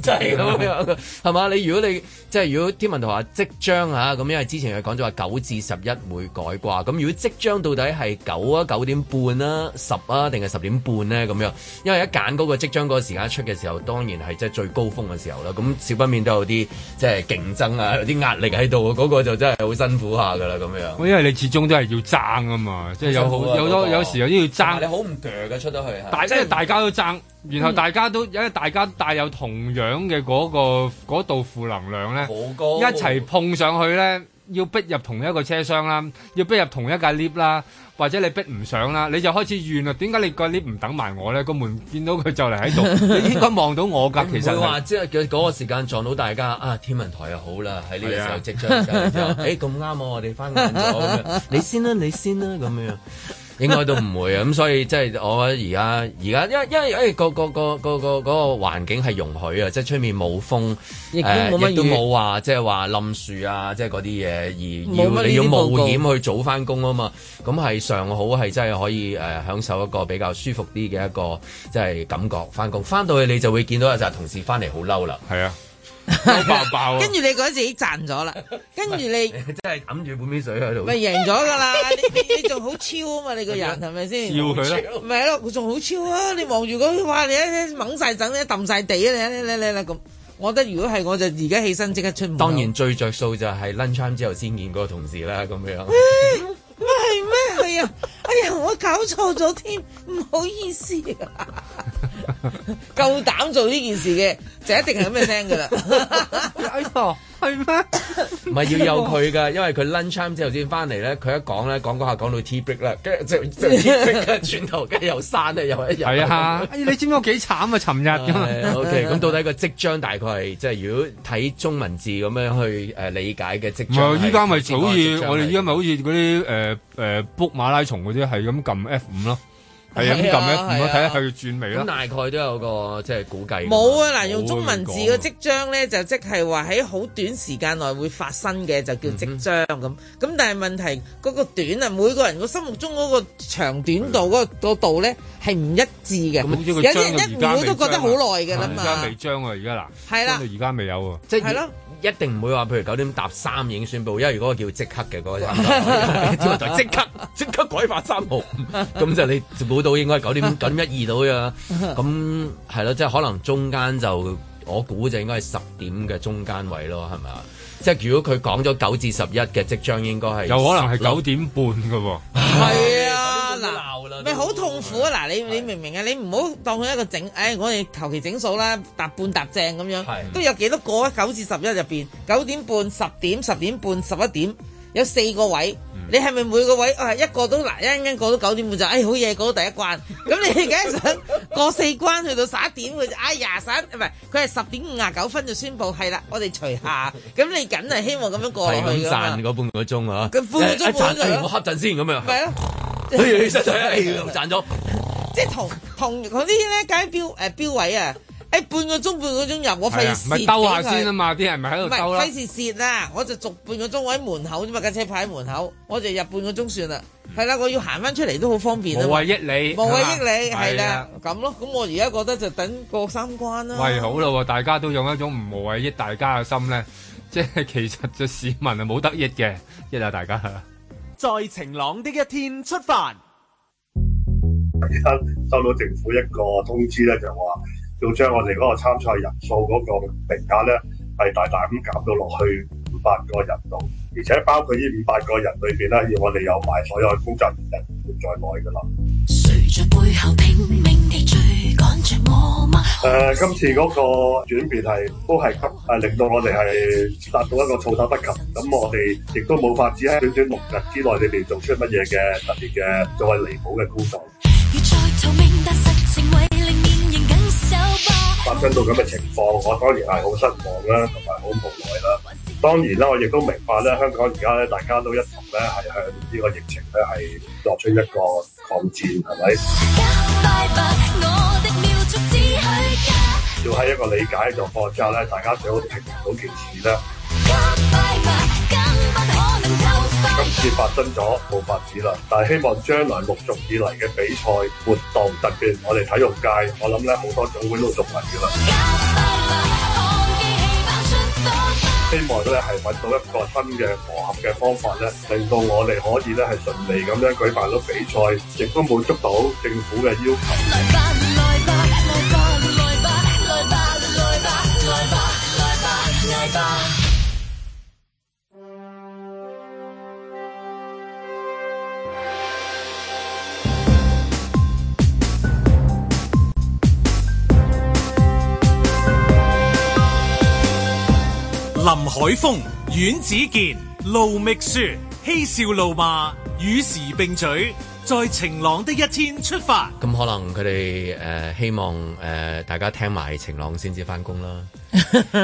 Speaker 1: 真係
Speaker 2: 咁樣，係嘛？你如果你即係如果天文台話即將嚇咁，因為之前佢講咗話九至十一會改掛。咁如果即將到底係九啊九點半啦十啊定係十點半咧咁樣？因為一揀嗰個即將嗰個時間出嘅時候，當然係即係最高峰嘅時候啦。咁少不免都有啲即係競爭啊，有啲壓力喺度。嗰、嗰個就真係好辛苦下㗎啦咁樣。因為
Speaker 3: 你始終都係要爭㗎嘛，即係有好有啲、那個、有時有啲要爭。你好
Speaker 2: 唔鋸嘅出得去，即
Speaker 3: 係大家都爭。然後大家都、嗯、因為大家帶有同樣嘅嗰個嗰度負能量咧，一齊碰上去咧，要逼入同一個車廂啦，要逼入同一架 lift 啦，或者你逼唔上啦，你就開始怨啦，點解你個 lift 唔等埋我咧？個門見到佢就嚟喺度， 你應該望到我
Speaker 2: 㗎。 其實唔會話即係嗰個時間撞到大家啊！天文台又好啦，喺呢個時候、啊、即將就誒咁啱我哋翻緊組，你先啦、啊，你先啦、啊，咁樣。 應該都唔會啊，咁所以即係我覺得而家而家，因為因為誒個個個個個嗰個環境係容許啊，即係出面冇風，亦都冇話即係話冧樹啊，即係嗰啲嘢而要你要冒險去早翻工啊嘛，咁係尚好係真係可以誒享受一個比較舒服啲嘅一個即係、就是、感覺翻工，翻到去你就會見到有陣時同事翻嚟好嬲啦，係啊。爆爆，跟
Speaker 4: 住你覺得自己賺咗啦，跟住你,
Speaker 2: 你真係揞住半邊水喺度，咪贏咗
Speaker 4: 噶啦！你你仲好超啊嘛，你個人係咪先？超佢啦，係 咯還很 chill, 佢仲好超啊！你望住佢哇，你一掹晒枕咧，揼晒地你你你你咁。我覺得如果係我就而家起身即刻出門。 當然
Speaker 2: 最着數就係 lunch time 之後先見嗰個同事啦，咁樣
Speaker 4: 喂，係咩？係啊，哎呀，我搞錯咗添，唔好意思、啊。 夠膽 做呢件事嘅就一定係咁嘅聲噶啦，阿傻係咩？唔係 要有佢
Speaker 2: 噶，因為佢 lunch Time 之後先翻嚟咧，佢一講咧，講嗰下講到 t break 啦，跟住就 t break，轉頭跟住又刪又一又係啊、 哎！你知唔知我幾慘啊？尋日 ，OK，咁到底個即將大概係即係如果睇中文字咁樣去誒理解嘅即將，依家咪就好似我哋依
Speaker 3: 家咪好似嗰啲誒誒 book 馬拉松嗰啲係咁撳
Speaker 2: F 五咯。
Speaker 4: 係啊，咁撳一，咁睇下佢轉
Speaker 2: 未啦。咁大概都有個即係估計。冇啊，嗱，用中文字嘅即
Speaker 4: 將咧、啊，就即係話喺好短時間內會發生嘅，就叫即將咁。咁、嗯、但係問題嗰、嗰個短啊，每個人個心目中嗰個長短度嗰、啊嗰個度咧係唔一致嘅。有啲人一秒都覺得好耐㗎啦嘛。而家未
Speaker 2: 將，未將啊，而家嗱，
Speaker 3: 係
Speaker 4: 啦，
Speaker 2: 而家、啊、未有喎。即係咯，一定唔會話，譬如九點搭三影宣佈，因為嗰個叫即刻嘅嗰、嗰個即刻即 立刻， 刻，刻改發三號。咁 就你 到應該係九點九點一二到嘅，咁係咯，即係可能中間就我估就應該係十點嘅中間位咯，係咪啊？即係如果佢講咗九至十一嘅，即將應該係有可能係九點半㗎喎。
Speaker 4: 係啊，嗱，咪好痛苦啊嗱！你，你明唔明啊？你唔好當佢一個整，誒，我哋求其整數啦，搭半搭正咁樣，都有幾多個啊？九至十一入邊，九點半、十點、十點半、十一點，有四個位。你係咪每個位啊？一個都嗱，一陣間過到九點半就，誒，好嘢，過到第一關，咁你梗係想過四關去到十一點，佢就哎呀散。唔係，佢係十點五十九分就宣佈係啦，我哋除下，咁你梗係希望咁樣過落去㗎啦。係分散
Speaker 2: 嗰半個鐘，啊，半個鐘半個鐘。我黑陣先咁啊。係咯，
Speaker 4: 哎呀真係，哎呀賺咗。即係同同嗰啲咧街標，誒標位啊。誒，半個鐘半個鐘入是我費事，咪兜下先啊嘛，啲人咪喺度兜啦。費事蝕啦，我就逐半個鐘喺門口啫嘛，架車牌喺門口，我就入半個鐘算啦。係 啦，我要行翻出嚟，都好方便，冇無謂益你，無謂益你，係啦，咁咯。咁 我而家覺得就等過三關啦。喂，好啦，
Speaker 3: 哦，大家都用一種唔無謂益大家嘅心咧，即係其實就市民係冇
Speaker 7: 得益嘅，益啊大家。
Speaker 1: 在晴朗的一天出發。
Speaker 7: 收到政府一個通知咧，就話、是。要將我哋嗰個參賽人數嗰個評價咧，係大大咁減到落去五百個人度，而且包括呢五百個人裏面咧，要我哋有埋所有工作人員在內噶啦。
Speaker 5: 誒、呃，
Speaker 7: 今次嗰個轉變係都係急，令到我哋係達到一個措手不及。咁我哋亦都冇法子喺短短六日之內裏面做出乜嘢嘅特別嘅再彌補嘅工作。發生到咁嘅情況，我當然係好失望啦，同埋好無奈啦。當然啦，我亦都明白咧，香港而家咧，大家都一同咧，係向呢個疫情咧，係作出一個抗戰，係咪？要喺一個理解嘅狀況之下咧，大家最好平衡到件事啦。今次發生咗冇法子啦，但係希望將來陸續以嚟嘅比賽活動，特別我哋體育界，我諗咧好多總會都仲係嘅啦。希望咧係搵到一個新嘅磨合嘅方法咧，令到我哋可以咧係順利咁樣舉辦到比賽，亦都滿足到政府嘅要求。來吧，來吧，
Speaker 6: 來吧，來吧，來吧，
Speaker 5: 來吧，來吧，來吧，來吧，來吧。
Speaker 1: 林海峰、阮子健、盧覓雪嬉笑怒罵，與時並舉。在晴朗的一天出發，
Speaker 2: 咁可能佢哋誒希望誒、呃、大家聽埋晴朗先至翻工啦，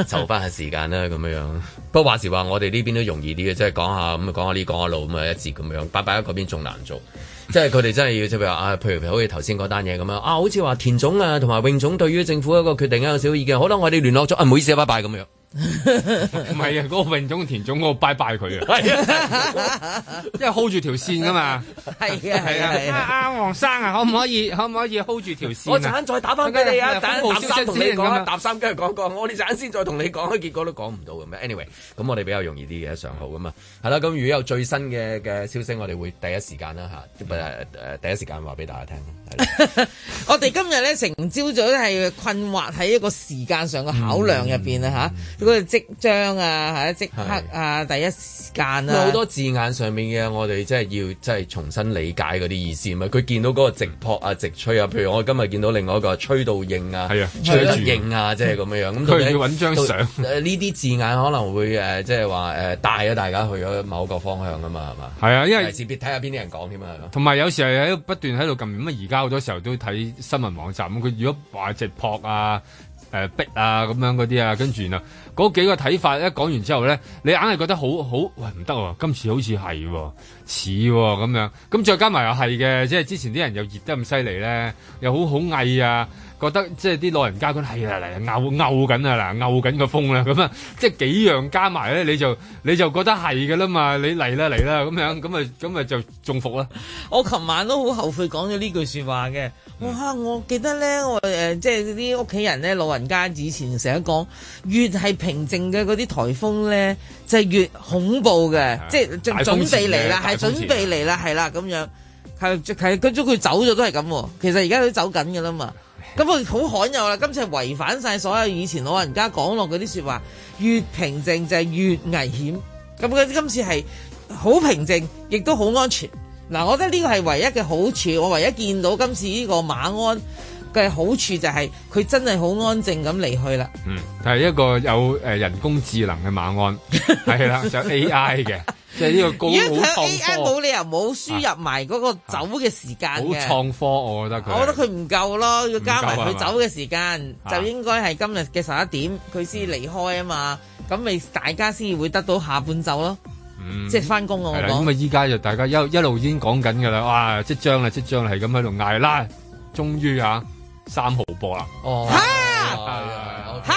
Speaker 2: 湊翻下時間啦咁樣樣。不過話時話，我哋呢邊都容易啲嘅，即係講下咁講下呢講下路咁啊，一字咁樣。拜拜啊，嗰邊仲難做， 即係佢哋真係要即係譬如啊，譬如譬如好似頭先嗰單嘢咁啊，好似話田總啊同埋泳總對於政府一個決定啊有小意見，可能我哋聯絡咗啊，唔好意思，拜拜咁樣。唔 係、那個、啊，嗰個泳總田總，個拜拜佢
Speaker 3: 嘅，係啊，因為 hold 住條線噶嘛，係啊係啊，阿黃生啊，可唔可以可唔可以 hold 住條線？我陣間再打翻俾你啊，等搭三同你講，搭三
Speaker 2: 說說再再跟佢講我哋陣間先再同你講，結果都講唔到㗎咩？Anyway，咁我哋比較容易啲嘅上號㗎嘛，係啦，咁如果有最新嘅嘅消息，我哋會第一時間啦吓，誒、啊啊啊、第一時間話俾大家聽。
Speaker 4: 我哋今日咧成朝早係困惑喺一個時間上嘅考量入邊啊吓。嗰個、即將啊，即刻啊，第一時間啊，好多
Speaker 2: 字眼上面嘅，我哋即係要即係重新理解嗰啲意思啊嘛。佢見到嗰個直撲啊、直吹啊，譬如我今日見到另外一個吹到應啊，係啊，吹得應啊，即係咁樣咁佢、啊、要揾張相。呢 啲字眼可能會即係話誒帶咗大家去咗某個方向啊嘛，係嘛？係啊，因為特別睇下邊啲人講添啊。同埋有，有時係喺不斷喺度
Speaker 3: 撳咁啊。而家好多時候都睇新聞網站咁，佢如果話直撲啊。誒、呃、逼啊咁樣嗰啲啊，跟住啊嗰幾個睇法一講完之後咧，你硬係覺得好好喂，唔得喎，今次好似係喎，似喎，咁樣，咁再加埋又係嘅，即係之前啲人又熱得咁犀利咧，又好好翳啊！覺得即係啲老人家講係啦嚟啊，拗拗緊啊嗱，拗緊個風啦咁啊，即係幾樣加埋咧，你就你就覺得係噶啦嘛，你嚟啦嚟啦咁樣，咁啊咁啊就中伏啦。我琴晚都好後悔講咗
Speaker 4: 呢句說話嘅。哇，我記得咧，我、呃、即係啲屋企人咧，老人家以前成日講，越係平靜嘅嗰啲颱風咧，就係、是、越恐怖嘅，即係準備嚟啦，係準備嚟啦，係啦咁樣。係，其實跟住佢走咗都係咁。其實而家都在走緊噶啦嘛。咁、嗯、佢好罕有啦！今次係違反晒所有以前老人家講落嗰啲說話，越平靜就係越危險。咁佢今次係好平靜，亦都好安全。嗱、啊，我覺得呢個係唯一嘅好處。我唯一見到今次呢個馬鞍嘅好處就係佢真係好安靜咁離去啦。嗯，
Speaker 3: 係一個有人工智能嘅馬鞍，係 啦，就 A I 嘅。而家睇 A I 冇理由
Speaker 4: 冇輸入埋嗰個走嘅時間嘅。好創
Speaker 3: 科，我覺得。我覺得佢
Speaker 4: 唔夠咯，要加埋佢走嘅時間，就應該係今日嘅十一點，佢先離開啊嘛。咁咪大家先會得到下半晝咯。嗯。
Speaker 3: 即係翻工啊！我覺得。咁咪依家就大家一一路已經講緊嘅啦。哇！即將啦，即將啦，係咁喺度捱啦。終於啊，三號波啦。哦。嚇！嚇！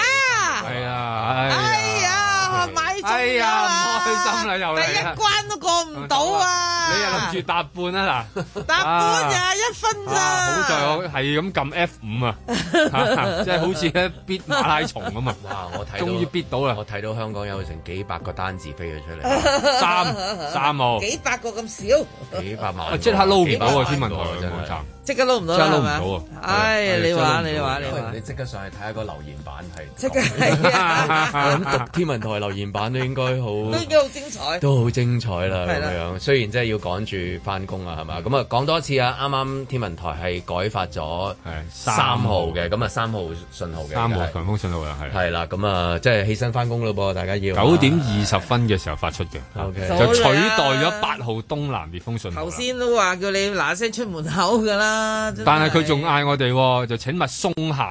Speaker 3: 係啊！哎呀！
Speaker 4: 買足啦！心啦又，第一關都過唔到啊，嗯、啊！你
Speaker 3: 諗住搭半啊嗱，搭 、
Speaker 4: 啊、半啊一分咋？
Speaker 3: 好在我
Speaker 2: 係咁撳 F 五啊，即、
Speaker 3: 啊、係好似啲、啊 啊就是、必馬拉松咁啊！哇，我睇到
Speaker 2: 終於必到啦，我睇到香港有成幾百個單字飛咗出嚟， 三三哦，幾
Speaker 4: 百個咁少，幾
Speaker 2: 百萬，即、啊、刻撈唔到啊！天文台即刻撈唔到，
Speaker 4: 即刻撈唔到啊！唉，你話你話你，
Speaker 2: 你即刻上去睇下個留言版係，
Speaker 4: 即係咁讀
Speaker 2: 天文台留言版都應該好。 都好精彩，都好精彩啦，咁樣雖然真係要趕住翻工啦係嘛，咁啊講多次啊，啱啱天文台係改發咗三號嘅，咁啊三號信號嘅三號強風信號啦，係係啦，咁啊即係起身翻工咯噃，大家要九點二十分嘅時候發出嘅、okay，
Speaker 3: 就取代咗八號東南烈風信號。頭
Speaker 4: 先都話叫你嗱嗱聲出門口噶啦，但係佢仲嗌
Speaker 3: 我哋，就請勿鬆懈。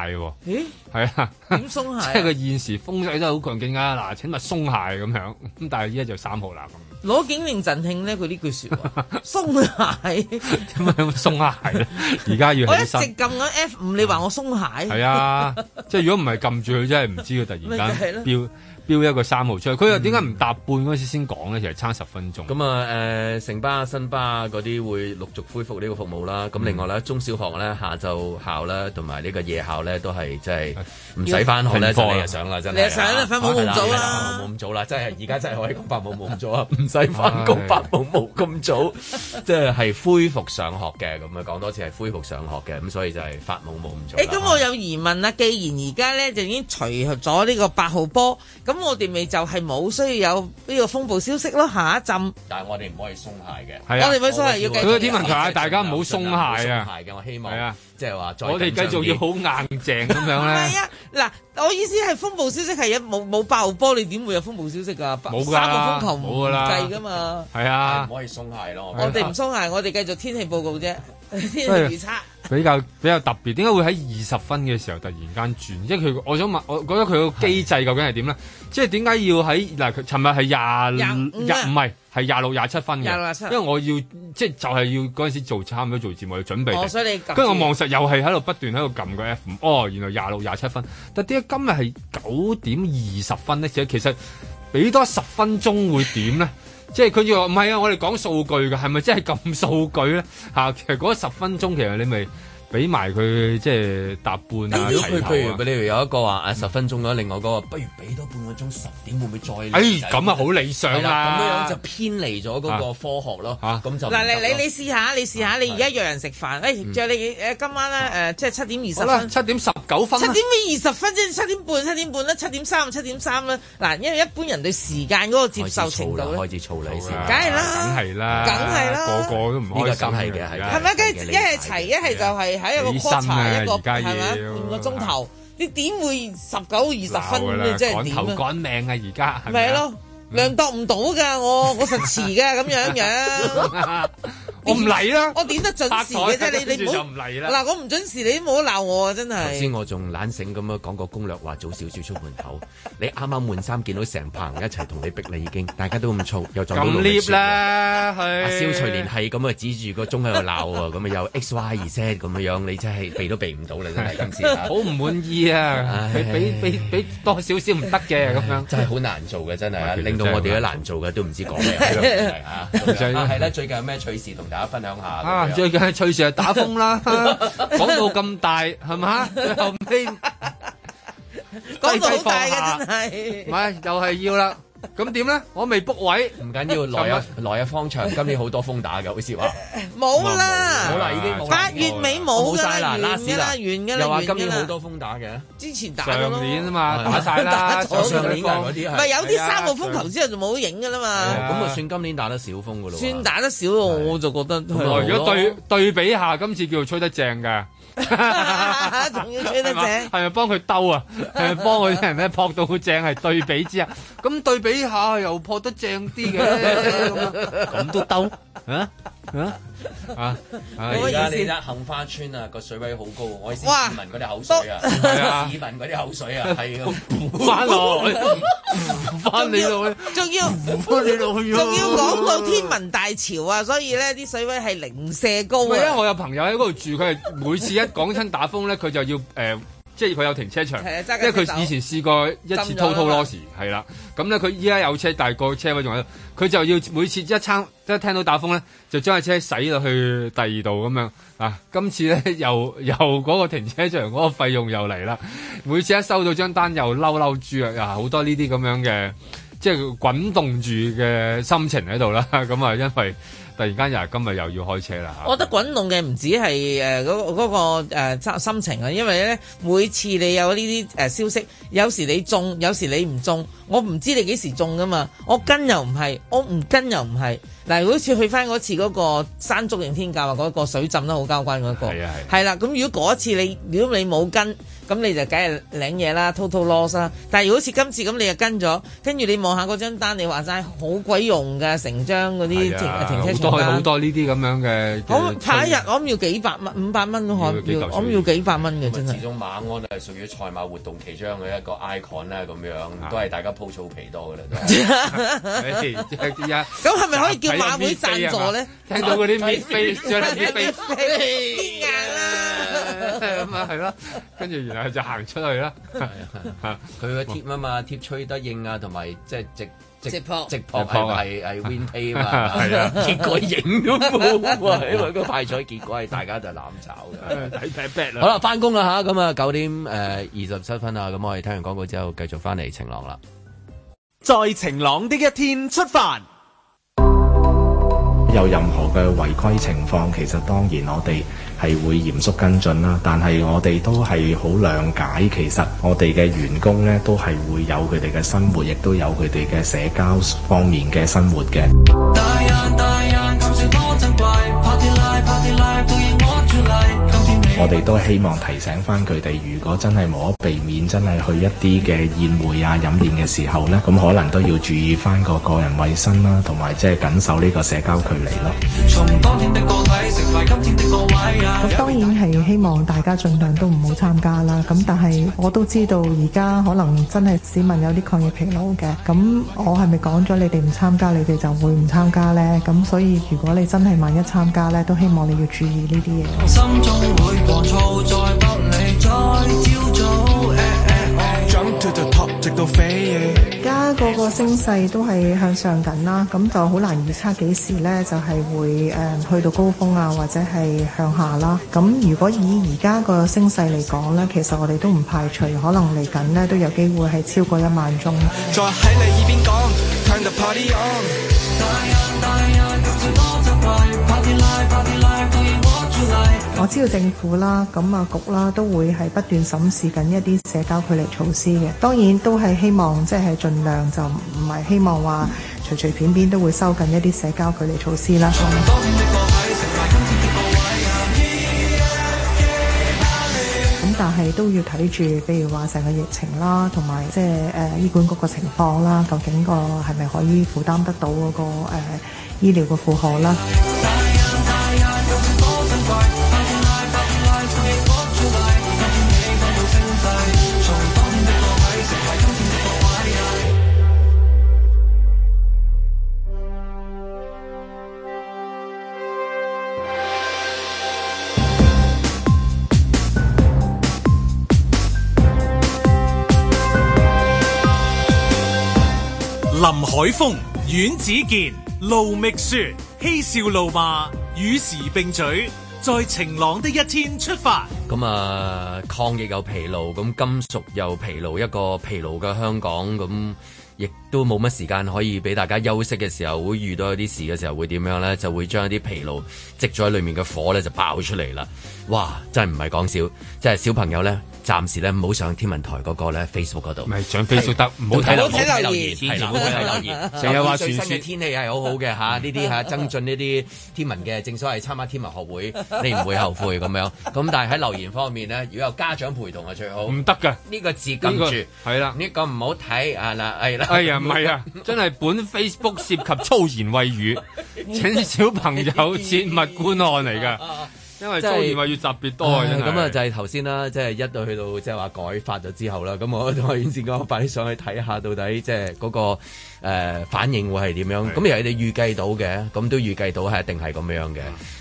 Speaker 3: 咦係啊，咁鬆鞋、啊，即係佢現時風勢真係好強勁啊！嗱，請勿鬆鞋咁樣，咁但係依家就三號啦
Speaker 4: 攞警令振慶咧，佢呢句話說話 鬆鞋，點
Speaker 3: 解鬆鞋而家要我一直撳
Speaker 4: 緊 F 五，你話我鬆鞋？係啊，
Speaker 3: 即係如果唔係撳住佢，
Speaker 2: 真係唔知佢突
Speaker 3: 然間 標一個三號出，去，佢又點解唔搭半嗰時先講咧？其實差十分鐘。
Speaker 2: 咁、嗯、啊，誒，城、呃、巴、新巴嗰啲會陸續恢復呢個服務啦。咁另外咧、嗯，中小學咧下晝校啦同埋呢個夜校咧，都係即係唔使翻學咧，就你又上啦，真係。你又上啦，發夢冇咁早啦。冇咁早啦，真係而家真係可以講發夢冇咁早啊，唔使翻工發夢冇咁早，即係恢復上學嘅。咁啊，講多次係恢復上學嘅。咁所以就係發夢冇咁早。咁、欸、我
Speaker 4: 有疑問啦、嗯。既然而家咧就已經除咗呢個八號波，咁。咁我哋咪就係冇需要有呢個風暴消息咯，下一陣。但係我哋唔可以鬆懈嘅、啊，我哋必須係要。佢個天
Speaker 3: 文台大家唔好鬆懈啊！鬆
Speaker 2: 懈嘅我希望。即係話，我哋繼續要好硬淨咁樣咧。係
Speaker 4: 啊，嗱，我意思係風暴消息係一冇冇爆波，你點會有風暴消息噶？冇噶啦，三個風球，冇噶啦，計噶嘛。
Speaker 1: 係啊，唔可
Speaker 2: 以鬆鞋
Speaker 4: 咯。我哋唔鬆鞋，我哋繼續天氣報告啫。 天氣預測
Speaker 3: 比較比較特別，點解會喺二十分嘅時候突然間轉？即係佢，我想問，我覺得佢個機制究竟係點咧？即係點解要喺嗱？佢尋日係廿五，廿唔係。20, 係廿六廿七分嘅，因為我要即係就係就係要嗰陣時做差唔多做節目嘅準備。哦，所以你跟住我望實又係喺度不斷喺度撳個 F。哦，原來廿六廿七分，但係點解今日係九點二十分咧？其實其實俾多十分鐘會點咧？ 即係佢要話，唔係啊！我哋講數據嘅，係咪真係撳數據咧？吓，其實嗰十分鐘其實你咪。俾埋佢即係搭半譬、啊啊、如譬如例如有一個話誒十分
Speaker 2: 鐘咗，另外嗰個不如俾多半個鐘，十點會唔會再？誒、哎、咁、就是、啊，好理想啦！咁樣就偏離咗嗰個科學咯咁、啊、就嗱你你你
Speaker 4: 試下，你試下、啊、你而家約人食飯，誒再、哎嗯、你今晚咧誒、啊呃、即係七點二十分，七點十九分,、啊、分，七點二十分即係七點半，七點半啦，七點三七點三啦嗱，因為一般人對時間嗰個接受程度咧，開始錯啦，開始錯梗係
Speaker 3: 啦，梗係啦，個個都唔開心，係嘅係啦，係咪跟住一
Speaker 4: 係齊，一係就係。睇一個 p r、啊、一個係咪？半、啊、個鐘頭，啊、你點會十九二十分，你即係趕頭趕
Speaker 3: 命啊，而家咪係咯，
Speaker 4: 量度唔到㗎，我 我實遲㗎咁樣樣。 我唔嚟啦，我點得準時嘅啫？你你唔好嗱，啦我唔準時你都冇得鬧我啊，真係。頭先
Speaker 2: 我仲懶醒咁樣講個攻略，話早少少出門口， 你啱啱換衫見到成棚人一齊同你逼你，已經大家都咁燥，又在到路邊啦，阿蕭翠蓮係咁啊指住個鐘喺度鬧啊，咁啊又， 又 X Y Z 咁嘅樣，你真係避都避唔到啦，真係咁時好唔滿意啊，俾俾俾多少少唔得嘅咁樣，真係好難做嘅真係，令到我哋都難做嘅，都唔知講咩啊，係啦、啊啊啊啊啊啊啊啊啊，最近有咩趣事同？ 嗯大家分享下啊！
Speaker 3: 就是、最近係隨時打風啦，
Speaker 2: 講、 啊、到咁大係嘛？是 最後面，
Speaker 3: 講 到大嘅真係，唔係又係要啦。 咁點咧？我未 book 位，唔緊要，來日
Speaker 2: 來日方長，今年好多風打嘅好似話
Speaker 4: 冇啦，冇啦，已經冇八月尾冇噶，完噶啦，完噶啦，完噶啦。今年好多風打嘅，之前打咗上年
Speaker 2: 啊嘛，
Speaker 3: 打晒啦，上年嗰啲咪有啲三個風球
Speaker 4: 之後就冇影噶啦嘛。咁啊，算
Speaker 2: 今年打得少風噶咯，算打得少，我就覺得。如果對對比下，今次叫
Speaker 3: 吹得正噶。仲 要吹得正，係咪幫佢兜啊？係幫佢啲人咧撲到好正，係對比之下，咁 對比下又撲得正啲嘅，
Speaker 1: 咁都兜啊？啊！啊！而家你睇
Speaker 2: 杏花村啊，個水位好高，我以前聽聞嗰啲口水啊，啊市民嗰啲口水啊，係啊，
Speaker 4: 糊翻 來，糊翻你度去，仲要糊翻你度，仲要講到、啊、天文大潮啊，所以咧啲水位係零舍高。因為我
Speaker 3: 有朋友喺嗰度住，佢係每次一講親打風咧，佢就要誒。呃即係佢有停車場，車因為佢以前試過一次偷偷羅時係啦，咁咧佢依家有車，但係個車位仲喺度。佢就要每次一餐一聽到打風咧，就將架車駛落去第二度咁樣啊。今次咧又又嗰個停車場嗰、嗰個費用又嚟啦，每次一收到張單,單又嬲嬲豬啊，好多呢啲咁樣嘅即係滾動住嘅心情喺度啦。咁啊，因為。突然間又係今日又要開車啦，嚇
Speaker 4: 我覺得滾動嘅唔止係誒嗰、嗰個、那個呃、心情啊，因為咧每次你有呢啲誒消息，有時你中，有時你唔中，我唔知你幾時中噶嘛。我跟又唔係，我唔跟又唔係。嗱、呃，好似去翻嗰次嗰個山竹型天鴿呀嗰個水浸都好交關嗰個，係啦，啊、咁、啊、如果嗰次你如果你冇跟，咁你就梗係領嘢啦，total loss 啦。但係如果似今次咁，你就跟咗，跟住你望下嗰張單，你話齋好鬼用嘅成張嗰啲停、啊、停車場。開好多
Speaker 3: 呢啲咁樣嘅，我排日
Speaker 4: 我諗要幾百蚊，五百蚊都開。要，要我諗要幾百蚊嘅、嗯、真係。始終馬鞍都係屬於賽馬活動其中嘅一個
Speaker 2: icon 啦，咁、啊、樣都係大家鋪草皮多嘅啦，都咁
Speaker 5: 係咪可以叫馬會贊助咧？ 聽到嗰啲咩飛將啲飛飛硬啦，
Speaker 1: 咁啊係咯。
Speaker 2: 跟住然後就行出去啦。係啊，嚇佢個鐵啊嘛，鐵脆得硬啊，同埋即係直。直播直播係係 WinPay 啊，係啦，結果影都冇啊 因為個派彩結果係大家就攬炒
Speaker 1: 嘅。 好啦，
Speaker 2: 翻工啦吓，咁啊九點誒二十七分啊，咁我哋聽完廣告之後繼續翻嚟晴朗啦。
Speaker 1: 在晴朗的一天出發。
Speaker 6: 有任何嘅違規情況，其實當然我哋。係會嚴肅跟進啦，但係我哋都係好諒解，其實我哋嘅員工呢都係會有佢哋嘅生活，亦都有佢哋嘅社交方面嘅生活嘅。我哋都希望提醒翻佢哋，如果真係冇可避免，真係去一啲嘅宴會啊、飲宴嘅時候呢，咁可能都要注意翻個個人衛生啦，同埋即係謹守呢個社交距離咯。
Speaker 2: 咁當、啊、
Speaker 5: 當然係希望大家盡量都唔好參加啦。咁但係我都知道而家可能真係市民有啲抗疫疲勞嘅，咁我係咪講咗你哋唔參加，你哋就會唔參加呢？咁所以如果你真係萬一參加呢，都希望你要注意呢啲嘢。而家個個升勢都係向上緊啦，咁就好難預測幾時咧就係會、嗯、去到高峰啊，或者係向下啦。咁如果以而家個升勢嚟講咧，其實我哋都唔排除可能嚟緊咧都有機會係超過一萬宗。
Speaker 2: 再我
Speaker 5: 知道政府啦，咁啊局啦，都會係不斷審視緊一啲社交距離措施嘅。當然都係希望即係盡量就唔係希望話隨隨便便都會收緊一啲社交距離措施啦。
Speaker 7: 咁、
Speaker 5: 嗯、但係都要睇住，譬如話成個疫情啦，同埋即係誒醫管局個情況啦，究竟個係咪可以負擔得到嗰個誒醫療嘅負荷啦？
Speaker 1: 林海峰、阮子健、盧覓雪、嬉笑怒罵，與時並舉，在晴朗的一天出發。
Speaker 2: 咁啊，抗疫有疲勞，咁金屬又疲勞，一個疲勞嘅香港，咁亦。都冇乜時間可以俾大家休息嘅時候，會遇到一啲事嘅時候會點樣咧？就會將一啲疲勞積咗喺裡面嘅火咧就爆出嚟啦！哇，真係唔係講笑，即係小朋友咧，暫時咧唔好上天文台嗰個咧 Facebook 嗰度，唔係上 Facebook 得，唔好睇留言，唔好睇留言，成日話樹樹。天氣係好好嘅吓呢啲吓增進呢啲天文嘅，正所謂參加天文學會，你唔會後悔咁樣。咁但係喺留言方面咧，如果有家長陪同係最好，唔得㗎呢個字禁住，係啦，呢個唔好睇啊嗱，唔係啊！
Speaker 3: 真係本 Facebook 涉及粗言穢
Speaker 2: 語，請小朋友切勿觀看嚟㗎。因為即係話越特別多啊，咁、嗯、啊、嗯嗯嗯、就係頭先啦，即、就、係、是、一到去到即係話改發咗之後啦，咁、嗯、我我先講快啲上去睇下到底即係嗰個、呃、反應會係點樣。咁由、嗯、你預計到嘅，咁都預計到係一定係咁樣嘅。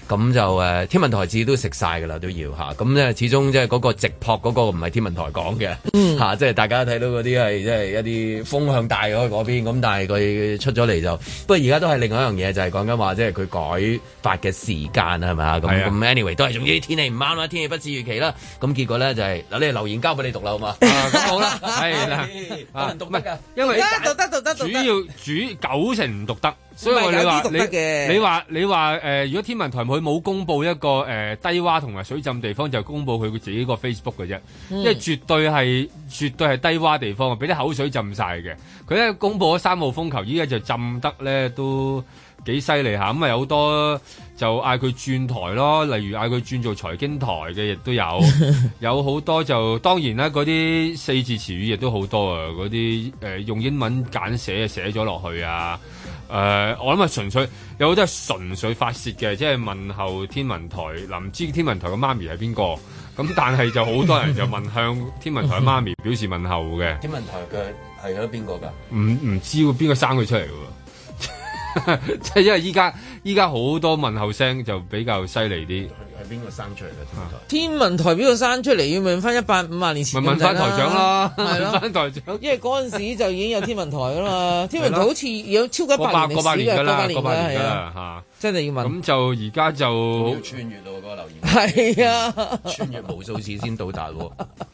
Speaker 2: 咁、嗯、就誒天文台自己都食晒㗎啦，都要吓。咁、嗯、咧始終即係嗰個直撲嗰個唔係天文台講嘅吓，即、嗯、係、啊就是、大家睇到嗰啲係即係一啲風向大嗰嗰邊。咁但係佢出咗嚟就，不過而家都係另外一樣嘢，就係講緊話即係佢改發嘅時間係咪啊？咁都係總之天氣唔啱啦，天氣不似預期啦，咁結果咧就係、是、嗱，你留言交俾你讀啦，好嘛？咁好啦，
Speaker 4: 係啊，能 是、 啊、讀得噶得得， 主
Speaker 2: 要主九成唔讀得，
Speaker 4: 所以你話你
Speaker 3: 話你話誒、呃，如果天文台佢冇公布一個誒低洼同埋水浸地方，就公布佢自己個 Facebook 嘅啫、嗯，因為絕對係絕對係低洼地方，俾啲口水浸晒嘅，佢咧公布咗三號風球，依家就浸得咧都。幾犀利吓咁啊！有好多就嗌佢轉台咯，例如嗌佢轉做財經台嘅亦都有， 有好多就當然啦，嗰啲四字詞語亦都好多啊！嗰啲誒用英文簡寫寫咗落去啊！誒、呃，我諗係純粹有好多係純粹發洩嘅，即係問候天文台，林知天文台嘅媽咪係邊個咁，但係就好多人就問向天文台嘅媽咪表示問候嘅。天
Speaker 2: 文台嘅係由邊個噶？
Speaker 3: 唔唔知喎，邊個生佢出嚟噶？即 係因為依家依家好多問候聲就比較犀利啲。係
Speaker 2: 邊個生出嚟嘅
Speaker 4: 天文台？天文台邊個生出嚟，要問翻一百五萬年前咪問翻台長啦！ 問翻台長，因為嗰陣時就已經有天文台啦嘛。 天文台好似有超過百個百年八百個百年嘅吓，
Speaker 3: 真係要問。咁就而家就穿
Speaker 2: 越到
Speaker 4: 嗰個留言，係啊，穿
Speaker 3: 越無數次先到達喎。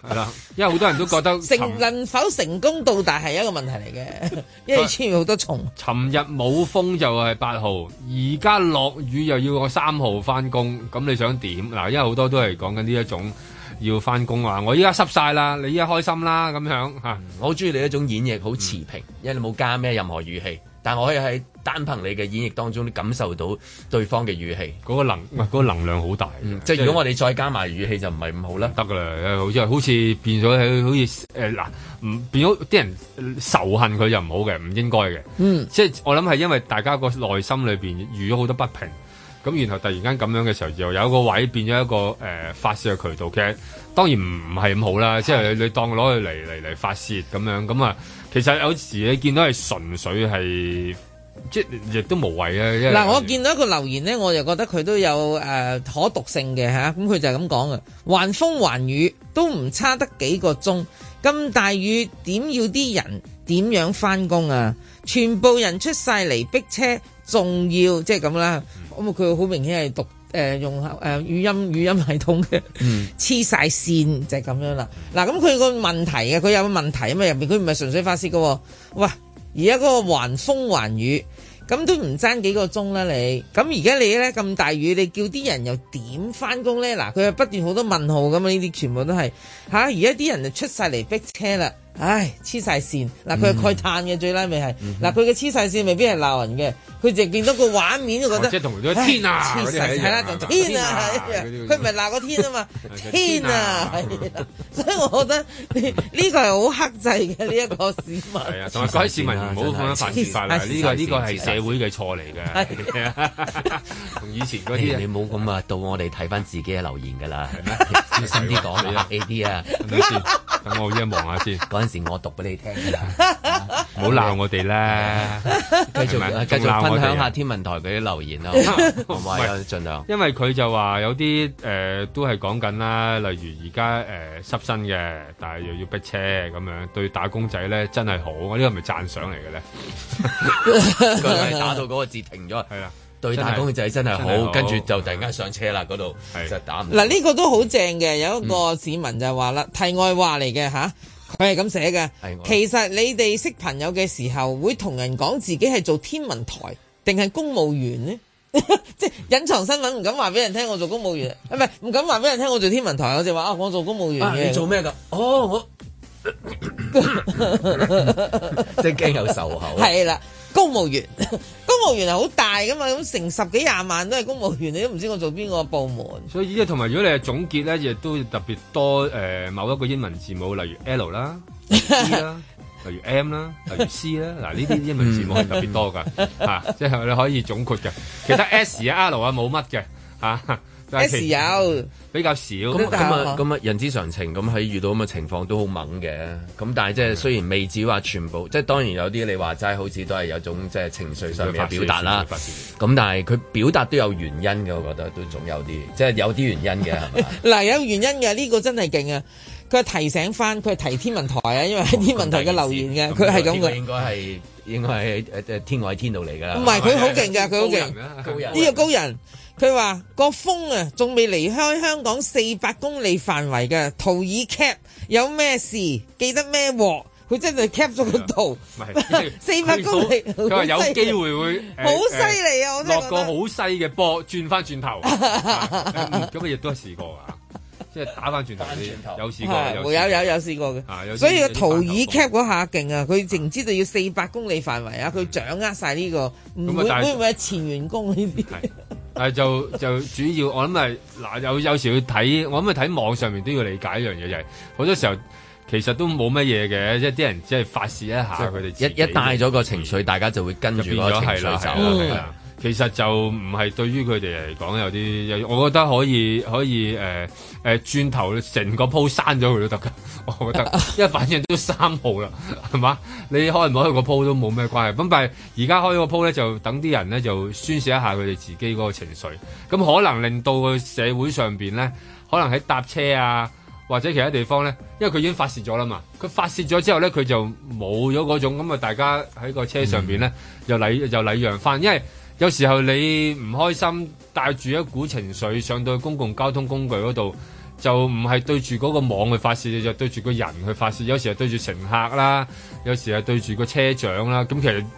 Speaker 3: 係 啦，因
Speaker 4: 為好多人都覺得成能否成功到達係一個問題嚟嘅，因為穿越好多重。
Speaker 3: 尋 日冇風就係八號，而家落雨又要我三號翻工，咁你想？點嗱，因為好多都係講緊呢一種要翻工啊！我依家濕晒啦，你依家開心啦，咁樣吓、嗯，我好
Speaker 2: 中意你一種演繹，好持平、嗯，因為你冇加咩任何語氣，但我可以喺單憑你嘅演繹當中，都感受到對方嘅語氣，嗰、嗰個能，唔係嗰個能量好大。即、嗯、係、就是、如果我哋再加
Speaker 3: 埋語氣，就唔係唔好啦，得噶啦，好似好似、呃、變咗，係好似誒難，唔變咗啲人仇恨佢就唔好嘅，唔應該嘅。即、嗯、係、就是、我諗係因為大家個內心裏邊遇咗好多不平。咁然後突然間咁樣嘅時候，就有一個位變咗一個誒、呃、發泄嘅渠道，其實當然唔係咁好啦。即係你當攞佢嚟嚟嚟發泄咁樣咁啊，其實有時你見到係純粹係即亦都無謂啊！嗱，我
Speaker 4: 見到一個留言咧，我就覺得佢都有誒、呃、可讀性嘅嚇。咁佢就係咁講啊，橫、嗯、風橫雨都唔差得幾個鐘，咁大雨點要啲人點樣返工啊？全部人出晒嚟逼車。重要即係咁啦，咁啊佢好明顯係讀誒、呃、用誒、呃、語音語音系統嘅，黐、mm. 晒 線就係、是、咁樣啦。嗱咁佢個問題嘅，佢有個問題啊嘛入面佢唔係純粹發泄嘅喎。喂，而家個橫風橫雨，咁都唔爭幾個鐘啦你。咁而家你咧咁大雨，你叫啲人又點翻工咧？嗱，佢又不斷好多問號咁啊，呢啲全部都係吓而家啲人就出晒嚟逼車啦。唉，黐晒線嗱，佢係慨嘆嘅。最拉尾係嗱，佢嘅黐晒線未必係鬧人嘅，佢淨係見到個畫面覺得即係同嗰個天啊，係啦，就天啊，佢唔係鬧個天啊天嘛，天啊，天啊，所以我覺得呢個係好克制嘅呢一個市民，同埋各位市民唔好咁樣犯法，呢個呢個係社會嘅錯嚟嘅。
Speaker 2: 同 以前嗰啲你唔好咁啊，到我哋睇翻自己嘅留言㗎啦，小心啲講呢啲啊，等我一望下先。時我讀俾你聽的，唔好鬧我哋啦。繼 續繼續分享下天
Speaker 3: 文台嗰啲留言啦，唔係又盡量。因為佢就話有啲誒、呃，都係講緊啦。例如而家誒濕身嘅，但係又要逼車咁樣，對打工仔咧真係好。呢個係咪讚賞嚟嘅咧？ 打到
Speaker 2: 嗰個字停咗。係啊，對打工仔真係好。跟住就突然間上車啦，嗰度就打唔到。嗱。呢、啊這個都
Speaker 4: 好正嘅。有一個市民就話啦、嗯，題外話嚟嘅吓。啊佢係咁寫㗎。其實你哋識朋友嘅時候，會同人講自己係做天文台定係公務員呢？即係隱藏身份，唔敢話俾人聽我做公務員，唔係唔敢話俾人聽我做天文台，我就話啊，我做公務員嘅、啊。你做咩噶？哦，
Speaker 2: 即係
Speaker 3: 驚有仇口。係
Speaker 4: 啦。 公務員，公務員係好大噶嘛，咁成十幾廿萬都係公務員，你都唔知我做邊個部門。
Speaker 3: 所以呢啲同埋，如果你係總結咧，亦都特別多誒、呃、某一個英文字母，例如 L 啦、E 啦、例如 M 啦、例如 C 啦，嗱呢啲英文字母係特別多噶，即 係、啊就係、你可以總
Speaker 2: 括嘅。其他 S、啊、L 啊冇乜嘅。有時有，比較少。咁咁啊，咁啊，人，人之常情。咁喺遇到咁嘅情況都好猛嘅。咁但係即係雖然未至於話全部，嗯、即係當然有啲你話齋，好似都係有種即係情緒上面嘅表達啦。咁但係佢表達都有原因嘅，我覺得都總有啲，即係有啲原因嘅係嘛？
Speaker 4: 嗱， 有原因嘅呢、呢個真係勁啊！佢係提醒翻，佢提，提天文台啊，因為喺天文台嘅留言嘅，佢係咁嘅。應
Speaker 2: 該係。應該係誒誒天外天度嚟噶啦，唔係佢好勁噶，佢好勁，
Speaker 4: 呢個高人、啊，佢話個風啊，仲未離開香港四百公里範圍嘅圖已 cap，有咩事記得咩鑊，佢真係 cap 咗個圖、啊，四百公里，佢話有機會會好犀
Speaker 5: 利啊！嗯、我
Speaker 3: 落個好細嘅波，轉翻轉頭，咁佢亦都試過啊。即係打翻轉頭你有、啊，有試過，有有有有試過嘅、啊。所以個圖爾
Speaker 4: cap 嗰下勁啊，佢淨知道要四百公里範圍啊，佢、嗯、掌握晒呢、這個，唔、嗯、會唔會係前員工呢邊？
Speaker 3: 係 就就主要我諗係嗱有有時要睇，我諗去睇網上面都要理解一樣嘢，就係、是、好多時候其實都冇乜嘢嘅，即係啲人即係發泄一下佢哋、就是、一一帶咗個情緒、嗯，大家就會跟住嗰個情緒走。其實就唔係對於佢哋嚟講有啲，我覺得可以可以誒誒轉頭成個鋪閂咗佢都得㗎，我覺得，因為反正都三號啦，係嘛？你開唔開個鋪都冇咩關係。咁但係而家開個鋪咧，就等啲人咧就宣泄一下佢哋自己嗰個情緒，咁可能令到佢社會上面咧，可能喺搭車啊或者其他地方咧，因為佢已經發泄咗啦嘛。佢發泄咗之後咧，佢就冇咗嗰種咁啊，大家喺個車上面咧又、嗯、禮又禮讓翻，因為有時候你唔開心，帶住一股情緒上到公共交通工具嗰度，就唔係對住嗰個網去發泄，就對住個人去發泄。有時係對住乘客啦，有時係對住個車長啦。咁其實～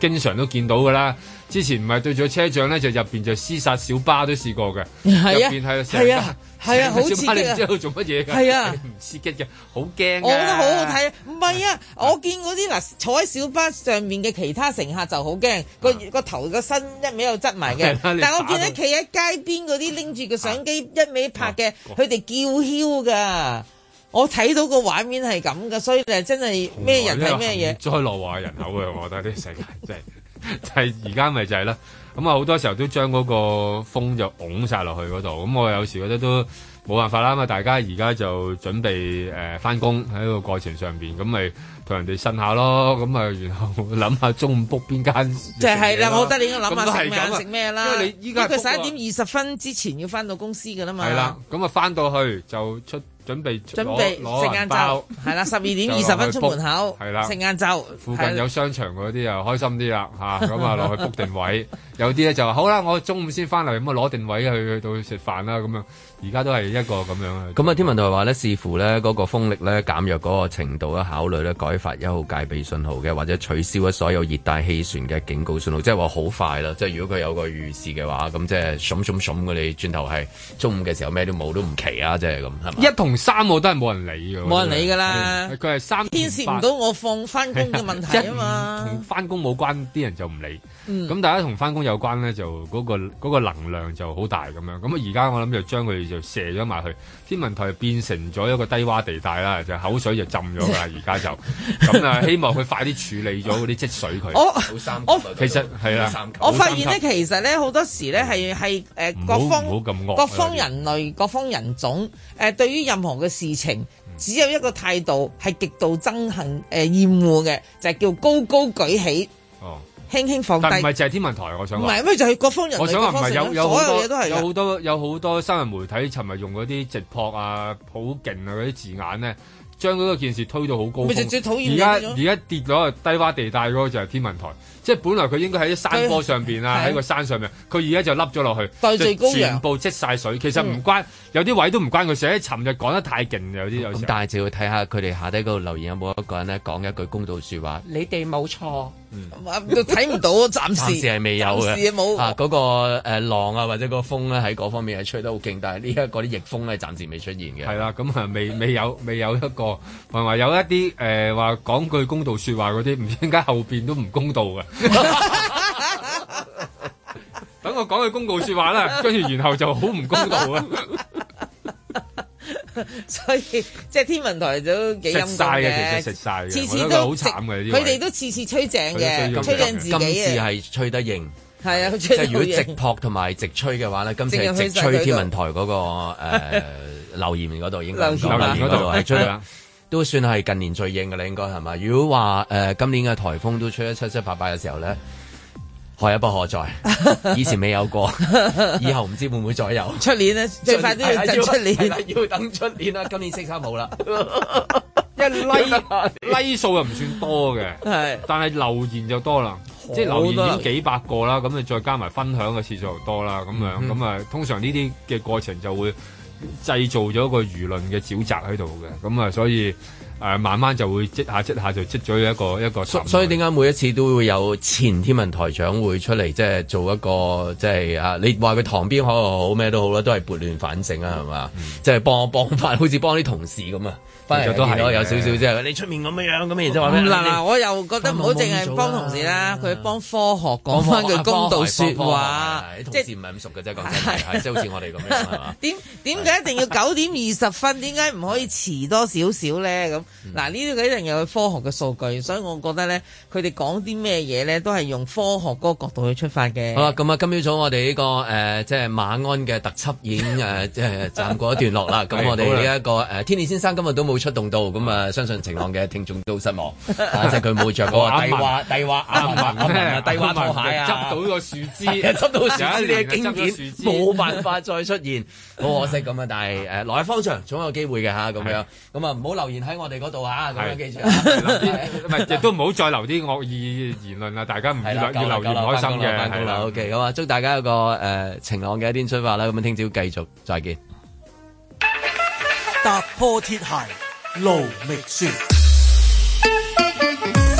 Speaker 3: 經常都見到㗎啦，之前唔係對住車長咧，就入面就厮殺小巴都試過嘅、啊，入面係啊，係啊，係啊，好似你唔知做乜嘢㗎，係啊，唔刺激嘅，好驚，我覺得好好睇，
Speaker 4: 唔、啊、係啊,啊，我見嗰啲嗱坐喺小巴上面嘅其他乘客就好驚、啊，個個頭個身一味又執埋嘅，但我見咧企喺街邊嗰啲拎住個相機一味拍嘅，佢、啊、哋、啊、叫囂㗎。我睇到個畫面係咁嘅，所以真係咩人係咩嘢，哦、災
Speaker 3: 落華人口嘅。我覺得啲世界真、就、係、是，係而家咪就係、是、啦。咁、就、啊、是，好多時候都將嗰個風就擁曬落去嗰度。咁我有時覺得都冇辦法啦。咁大家而家就準備誒翻工喺個過程上邊，咁咪同人哋呻下咯。咁啊，然後諗下中午 book 邊間，即
Speaker 4: 係啦。我覺得你應該諗下食咩食咩啦。因為你依家佢十一點二十分之前要翻到公司嘅啦嘛。係啦，咁啊翻到
Speaker 3: 去就出。準備準備食晏晝係啦，十二點二十分出門口係啦，食
Speaker 4: 晏晝 yet, 附近有
Speaker 3: 商場嗰啲又開心啲啦吓，咁啊落去 book 定位， 有啲咧就話好啦，我中午先翻嚟咁啊攞定位去去到食飯啦咁樣，而家都係一個咁樣。
Speaker 2: 咁啊天文台話呢視乎呢嗰個風力呢減弱嗰個程度咧，考慮呢改發一號戒備信號嘅，或者取消咗所有熱帶氣旋嘅警告信號，即係話好快啦，即係如果佢有個預示嘅話，咁即係冧冧冧嘅你，轉頭係中午嘅時候咩都冇都唔奇啊，即係咁係嘛。
Speaker 3: 一同三號都係冇人理
Speaker 2: 嘅，冇人理噶啦。
Speaker 3: 佢係三，牽涉唔到我
Speaker 4: 放翻工嘅問題啊嘛。同
Speaker 3: 翻工冇關，啲人就唔理。咁、嗯、大家同翻工有關咧，就嗰、嗰個嗰個能量就好大咁樣。咁而家我諗就將佢哋就射咗埋去天文台，問題變成咗一個低洼地帶啦，就口水就浸咗啦。而 家就咁啊，希望佢快啲處理咗嗰啲積水佢。我,我其實係啦，我發現咧，其
Speaker 4: 實咧好多時咧係係各方各方人類各方人,人種、啊呃、對於任何。嘅事情只有一個態度，係極度憎恨誒厭惡嘅，就係、是、叫高高舉起，哦，輕輕放低，唔係
Speaker 3: 就係天文台我想，唔係咩就係、
Speaker 4: 是、各方人方，我想話唔係有有好多所有好
Speaker 3: 多有好多，多新聞媒體尋日用嗰啲直撲啊、好勁啊嗰啲字眼咧，將嗰個件事推到好高，直接討厭而家而家跌咗個低窪地帶咯，就係、是、天文台。即係本來佢應該喺啲山坡上面啊，喺個山上面，佢而家就凹咗落去，對就全部積晒水。其實唔關，嗯、有啲位都唔關
Speaker 2: 佢事。喺尋日講得太勁，有啲有時。咁但係就要睇下佢哋下低嗰度留言有冇一個人咧講一句公道説話。你哋冇錯。嗯，都睇唔到，暫時係未有嘅，啊嗰、嗰個浪、呃、啊，或者嗰個風咧喺嗰方面係吹得好勁，但係、呢個、呢一個啲逆風咧暫時未出現嘅。係啦、啊，咁啊未未有未有一個，或話有一啲誒話講句
Speaker 3: 公道説話嗰啲，唔知點解後邊都唔公道嘅。 等我講句公道説話啦，跟住然後就好唔公道嘅。
Speaker 4: 所以即係天文台都幾陰㗎，食晒嘅，其實食晒嘅，次次都好
Speaker 2: 慘。佢哋
Speaker 4: 都次次吹正嘅，吹正自己今次
Speaker 2: 係吹得應，
Speaker 4: 係啊。即係如果直
Speaker 2: 撲同埋直吹嘅話咧，今次係直吹天文台嗰、嗰個誒、 呃、留言嗰度應該流留言嗰度係吹，都算係近年最的應嘅啦。應該係咪？如果話誒、呃、今年嘅台風都吹得七七八八嘅時候咧。可一不可再？以前未有過，以後唔知會唔會再有。出 年咧，最快都要出年，要，要，要等出年啦。今年星差冇啦， 一拉、like、 拉數數又唔算
Speaker 3: 多嘅，但係留言就多啦，即係留言已經幾百個啦。咁你再加埋分享嘅次數又多啦。咁樣咁啊，通常呢啲嘅過程就會製造咗一個輿論嘅沼澤喺度嘅。咁啊，所以。誒、呃、慢慢就會積下積下就積咗
Speaker 2: 一個一個，所所以點解每一次都會有前天文台長會出嚟，即係做一個，即、就、係、是、啊！你話佢塘邊海又好咩都好啦，都係撥亂反正啊，係嘛？即、嗯、係、就是、幫我幫翻，好似幫啲同事咁啊！都係咯，有少少啫。你
Speaker 4: 出面咁樣樣咁，然之後話咧，嗱，我又覺得唔好淨係幫同事啦，佢幫科學講翻句公道説話。同事唔係咁熟嘅啫，講真嘅，即係好似我哋咁樣係嘛？點點解一定要九點二十分？點解唔可以遲多少少咧？咁嗱，呢啲一定有科學嘅數據，所以我覺得咧，佢哋講啲咩嘢咧，都係用科學嗰個角度去出發嘅。好啦，咁
Speaker 2: 啊，今朝早我哋呢個誒，即係馬鞍嘅特輯演經即係暫過一段落啦。咁我哋呢一個誒，天理先生今日都冇。出動到咁啊！相信晴朗嘅聽眾都失望，但係佢冇着嗰個、啊、帝話帝話阿文、啊啊、帝話拖鞋啊，執、啊、到
Speaker 1: 個樹
Speaker 3: 枝，執、啊、到樹枝呢啲經典冇辦
Speaker 2: 法再出現，好、啊、可惜咁啊！但係誒，來、呃、方長，總有機會嘅吓，咁樣咁啊，唔好留言喺我哋嗰度吓，咁樣，樣記住，
Speaker 3: 係亦、啊啊、都唔好再留啲惡意言論啦大家唔要，要留言，開心嘅好啦，OK，
Speaker 2: 好啊，祝大家有個誒晴朗嘅一天出發啦！咁聽朝繼續再見，
Speaker 1: 踏破鐵鞋。鱸蜜雪。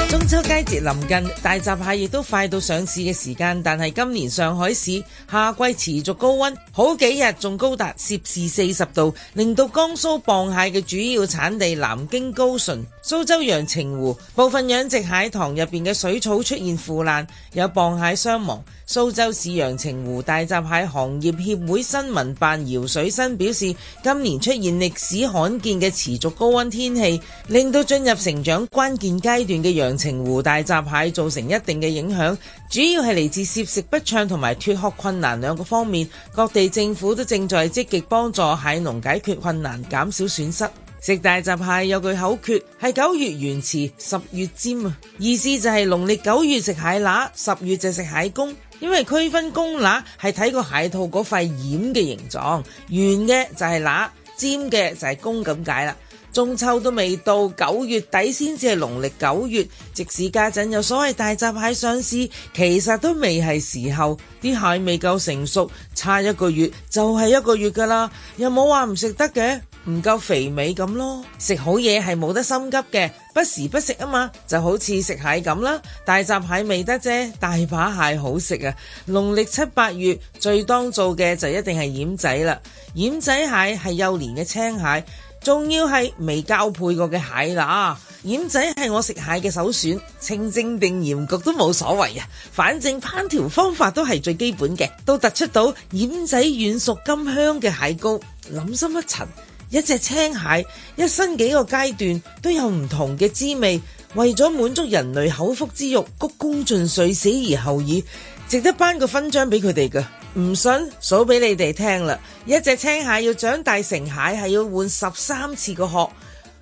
Speaker 4: 中秋佳節臨近，大閘蟹亦都快到上市嘅時間，但係今年上海市夏季持續高温，好幾日仲高達攝氏四十度，令到江蘇磅蟹嘅主要產地南京高淳。蘇州陽澄湖部分養殖蟹，蟹塘入邊嘅水草出現腐爛，有螃蟹傷亡。蘇州市陽澄湖大閘蟹行業協會新聞辦姚水新表示，今年出現歷史罕見嘅持續高溫天氣，令到進入成長關鍵階段嘅陽澄湖大閘蟹造成一定嘅影響，主要係嚟自攝食不暢同埋脫殼困難兩個方面。各地政府都正在積極幫助蟹農解決困難，減少損失。食大閘蟹有句口訣，係九月圓臍十月尖啊！意思就係農曆九月食蟹乸，十月就食蟹公。因為區分公乸係睇個蟹套嗰塊掩嘅形狀，圓嘅就係乸，尖嘅就係公咁解啦。中秋都未到，九月底先至係農曆九月，即使家陣有所謂大閘蟹上市，其實都未係時候，啲蟹未夠成熟，差一個月就係、是、一個月噶啦，又冇話唔食得嘅。唔夠肥美咁咯，食好嘢係冇得心急嘅，不時不食啊嘛，就好似食蟹咁啦，大閘蟹未得啫，大把蟹好食啊！農曆七八月最當做嘅就一定係奄仔啦，奄仔蟹係幼年嘅青蟹，仲要係未交配過嘅蟹乸。奄仔係我食蟹嘅首選，清蒸定鹽焗都冇所謂啊，反正烹調方法都係最基本嘅，都突出到奄仔軟熟甘香嘅蟹膏，諗深一層。一隻青蟹，一生幾個階段都有唔同嘅滋味，為咗滿足人類口腹之欲，鞠躬盡瘁死而後已，值得頒個勳章俾佢哋㗎。唔信，數俾你哋聽啦，一隻青蟹要長大成蟹係要換十三次個殼。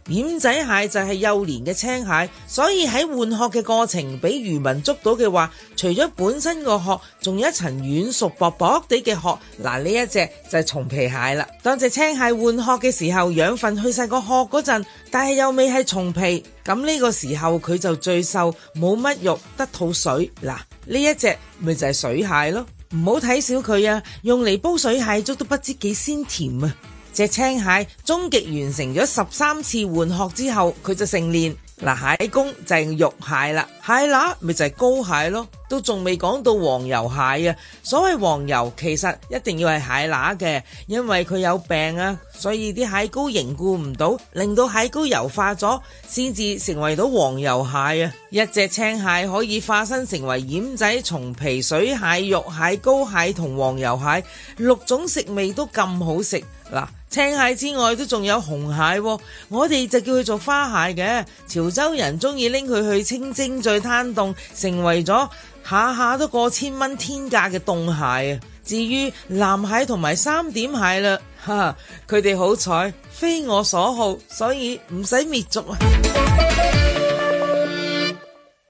Speaker 4: 奄仔蟹就係幼年嘅青蟹，所以喺換殼嘅過程，俾漁民捉到嘅話，除咗本身個殼，仲有一層軟熟薄薄地嘅殼。嗱，呢一隻就係鬆皮蟹啦。當隻青蟹換殼嘅時候，養分去晒個殼嗰陣，但係又未係鬆皮，咁呢個時候佢就最瘦，冇乜肉，得肚水。嗱，呢一隻咪就係水蟹咯。唔好睇小佢啊，用嚟煲水蟹粥都不知幾鮮甜啊！隻青蟹終極完成咗十三次換殼之後，佢就成年。嗱，蟹公就係肉蟹啦，蟹乸咪就係膏蟹咯。都仲未講到黃油蟹啊！所謂黃油，其實一定要係蟹乸嘅，因為佢有病啊，所以啲蟹膏凝固唔到，令到蟹膏油化咗，先至成為到黃油蟹啊！一隻青蟹可以化身成為奄仔、重皮、水蟹、肉蟹、膏蟹同黃油蟹六種食味都咁好食嗱。青蟹之外，都仲有紅蟹，我哋就叫佢做花蟹嘅。潮州人中意拎佢去清蒸再攤凍，成為咗下下都過千蚊天價嘅凍蟹啊！至於藍蟹同埋三點蟹嘞，哈哈，佢哋好彩非我所好，所以唔使滅族啊！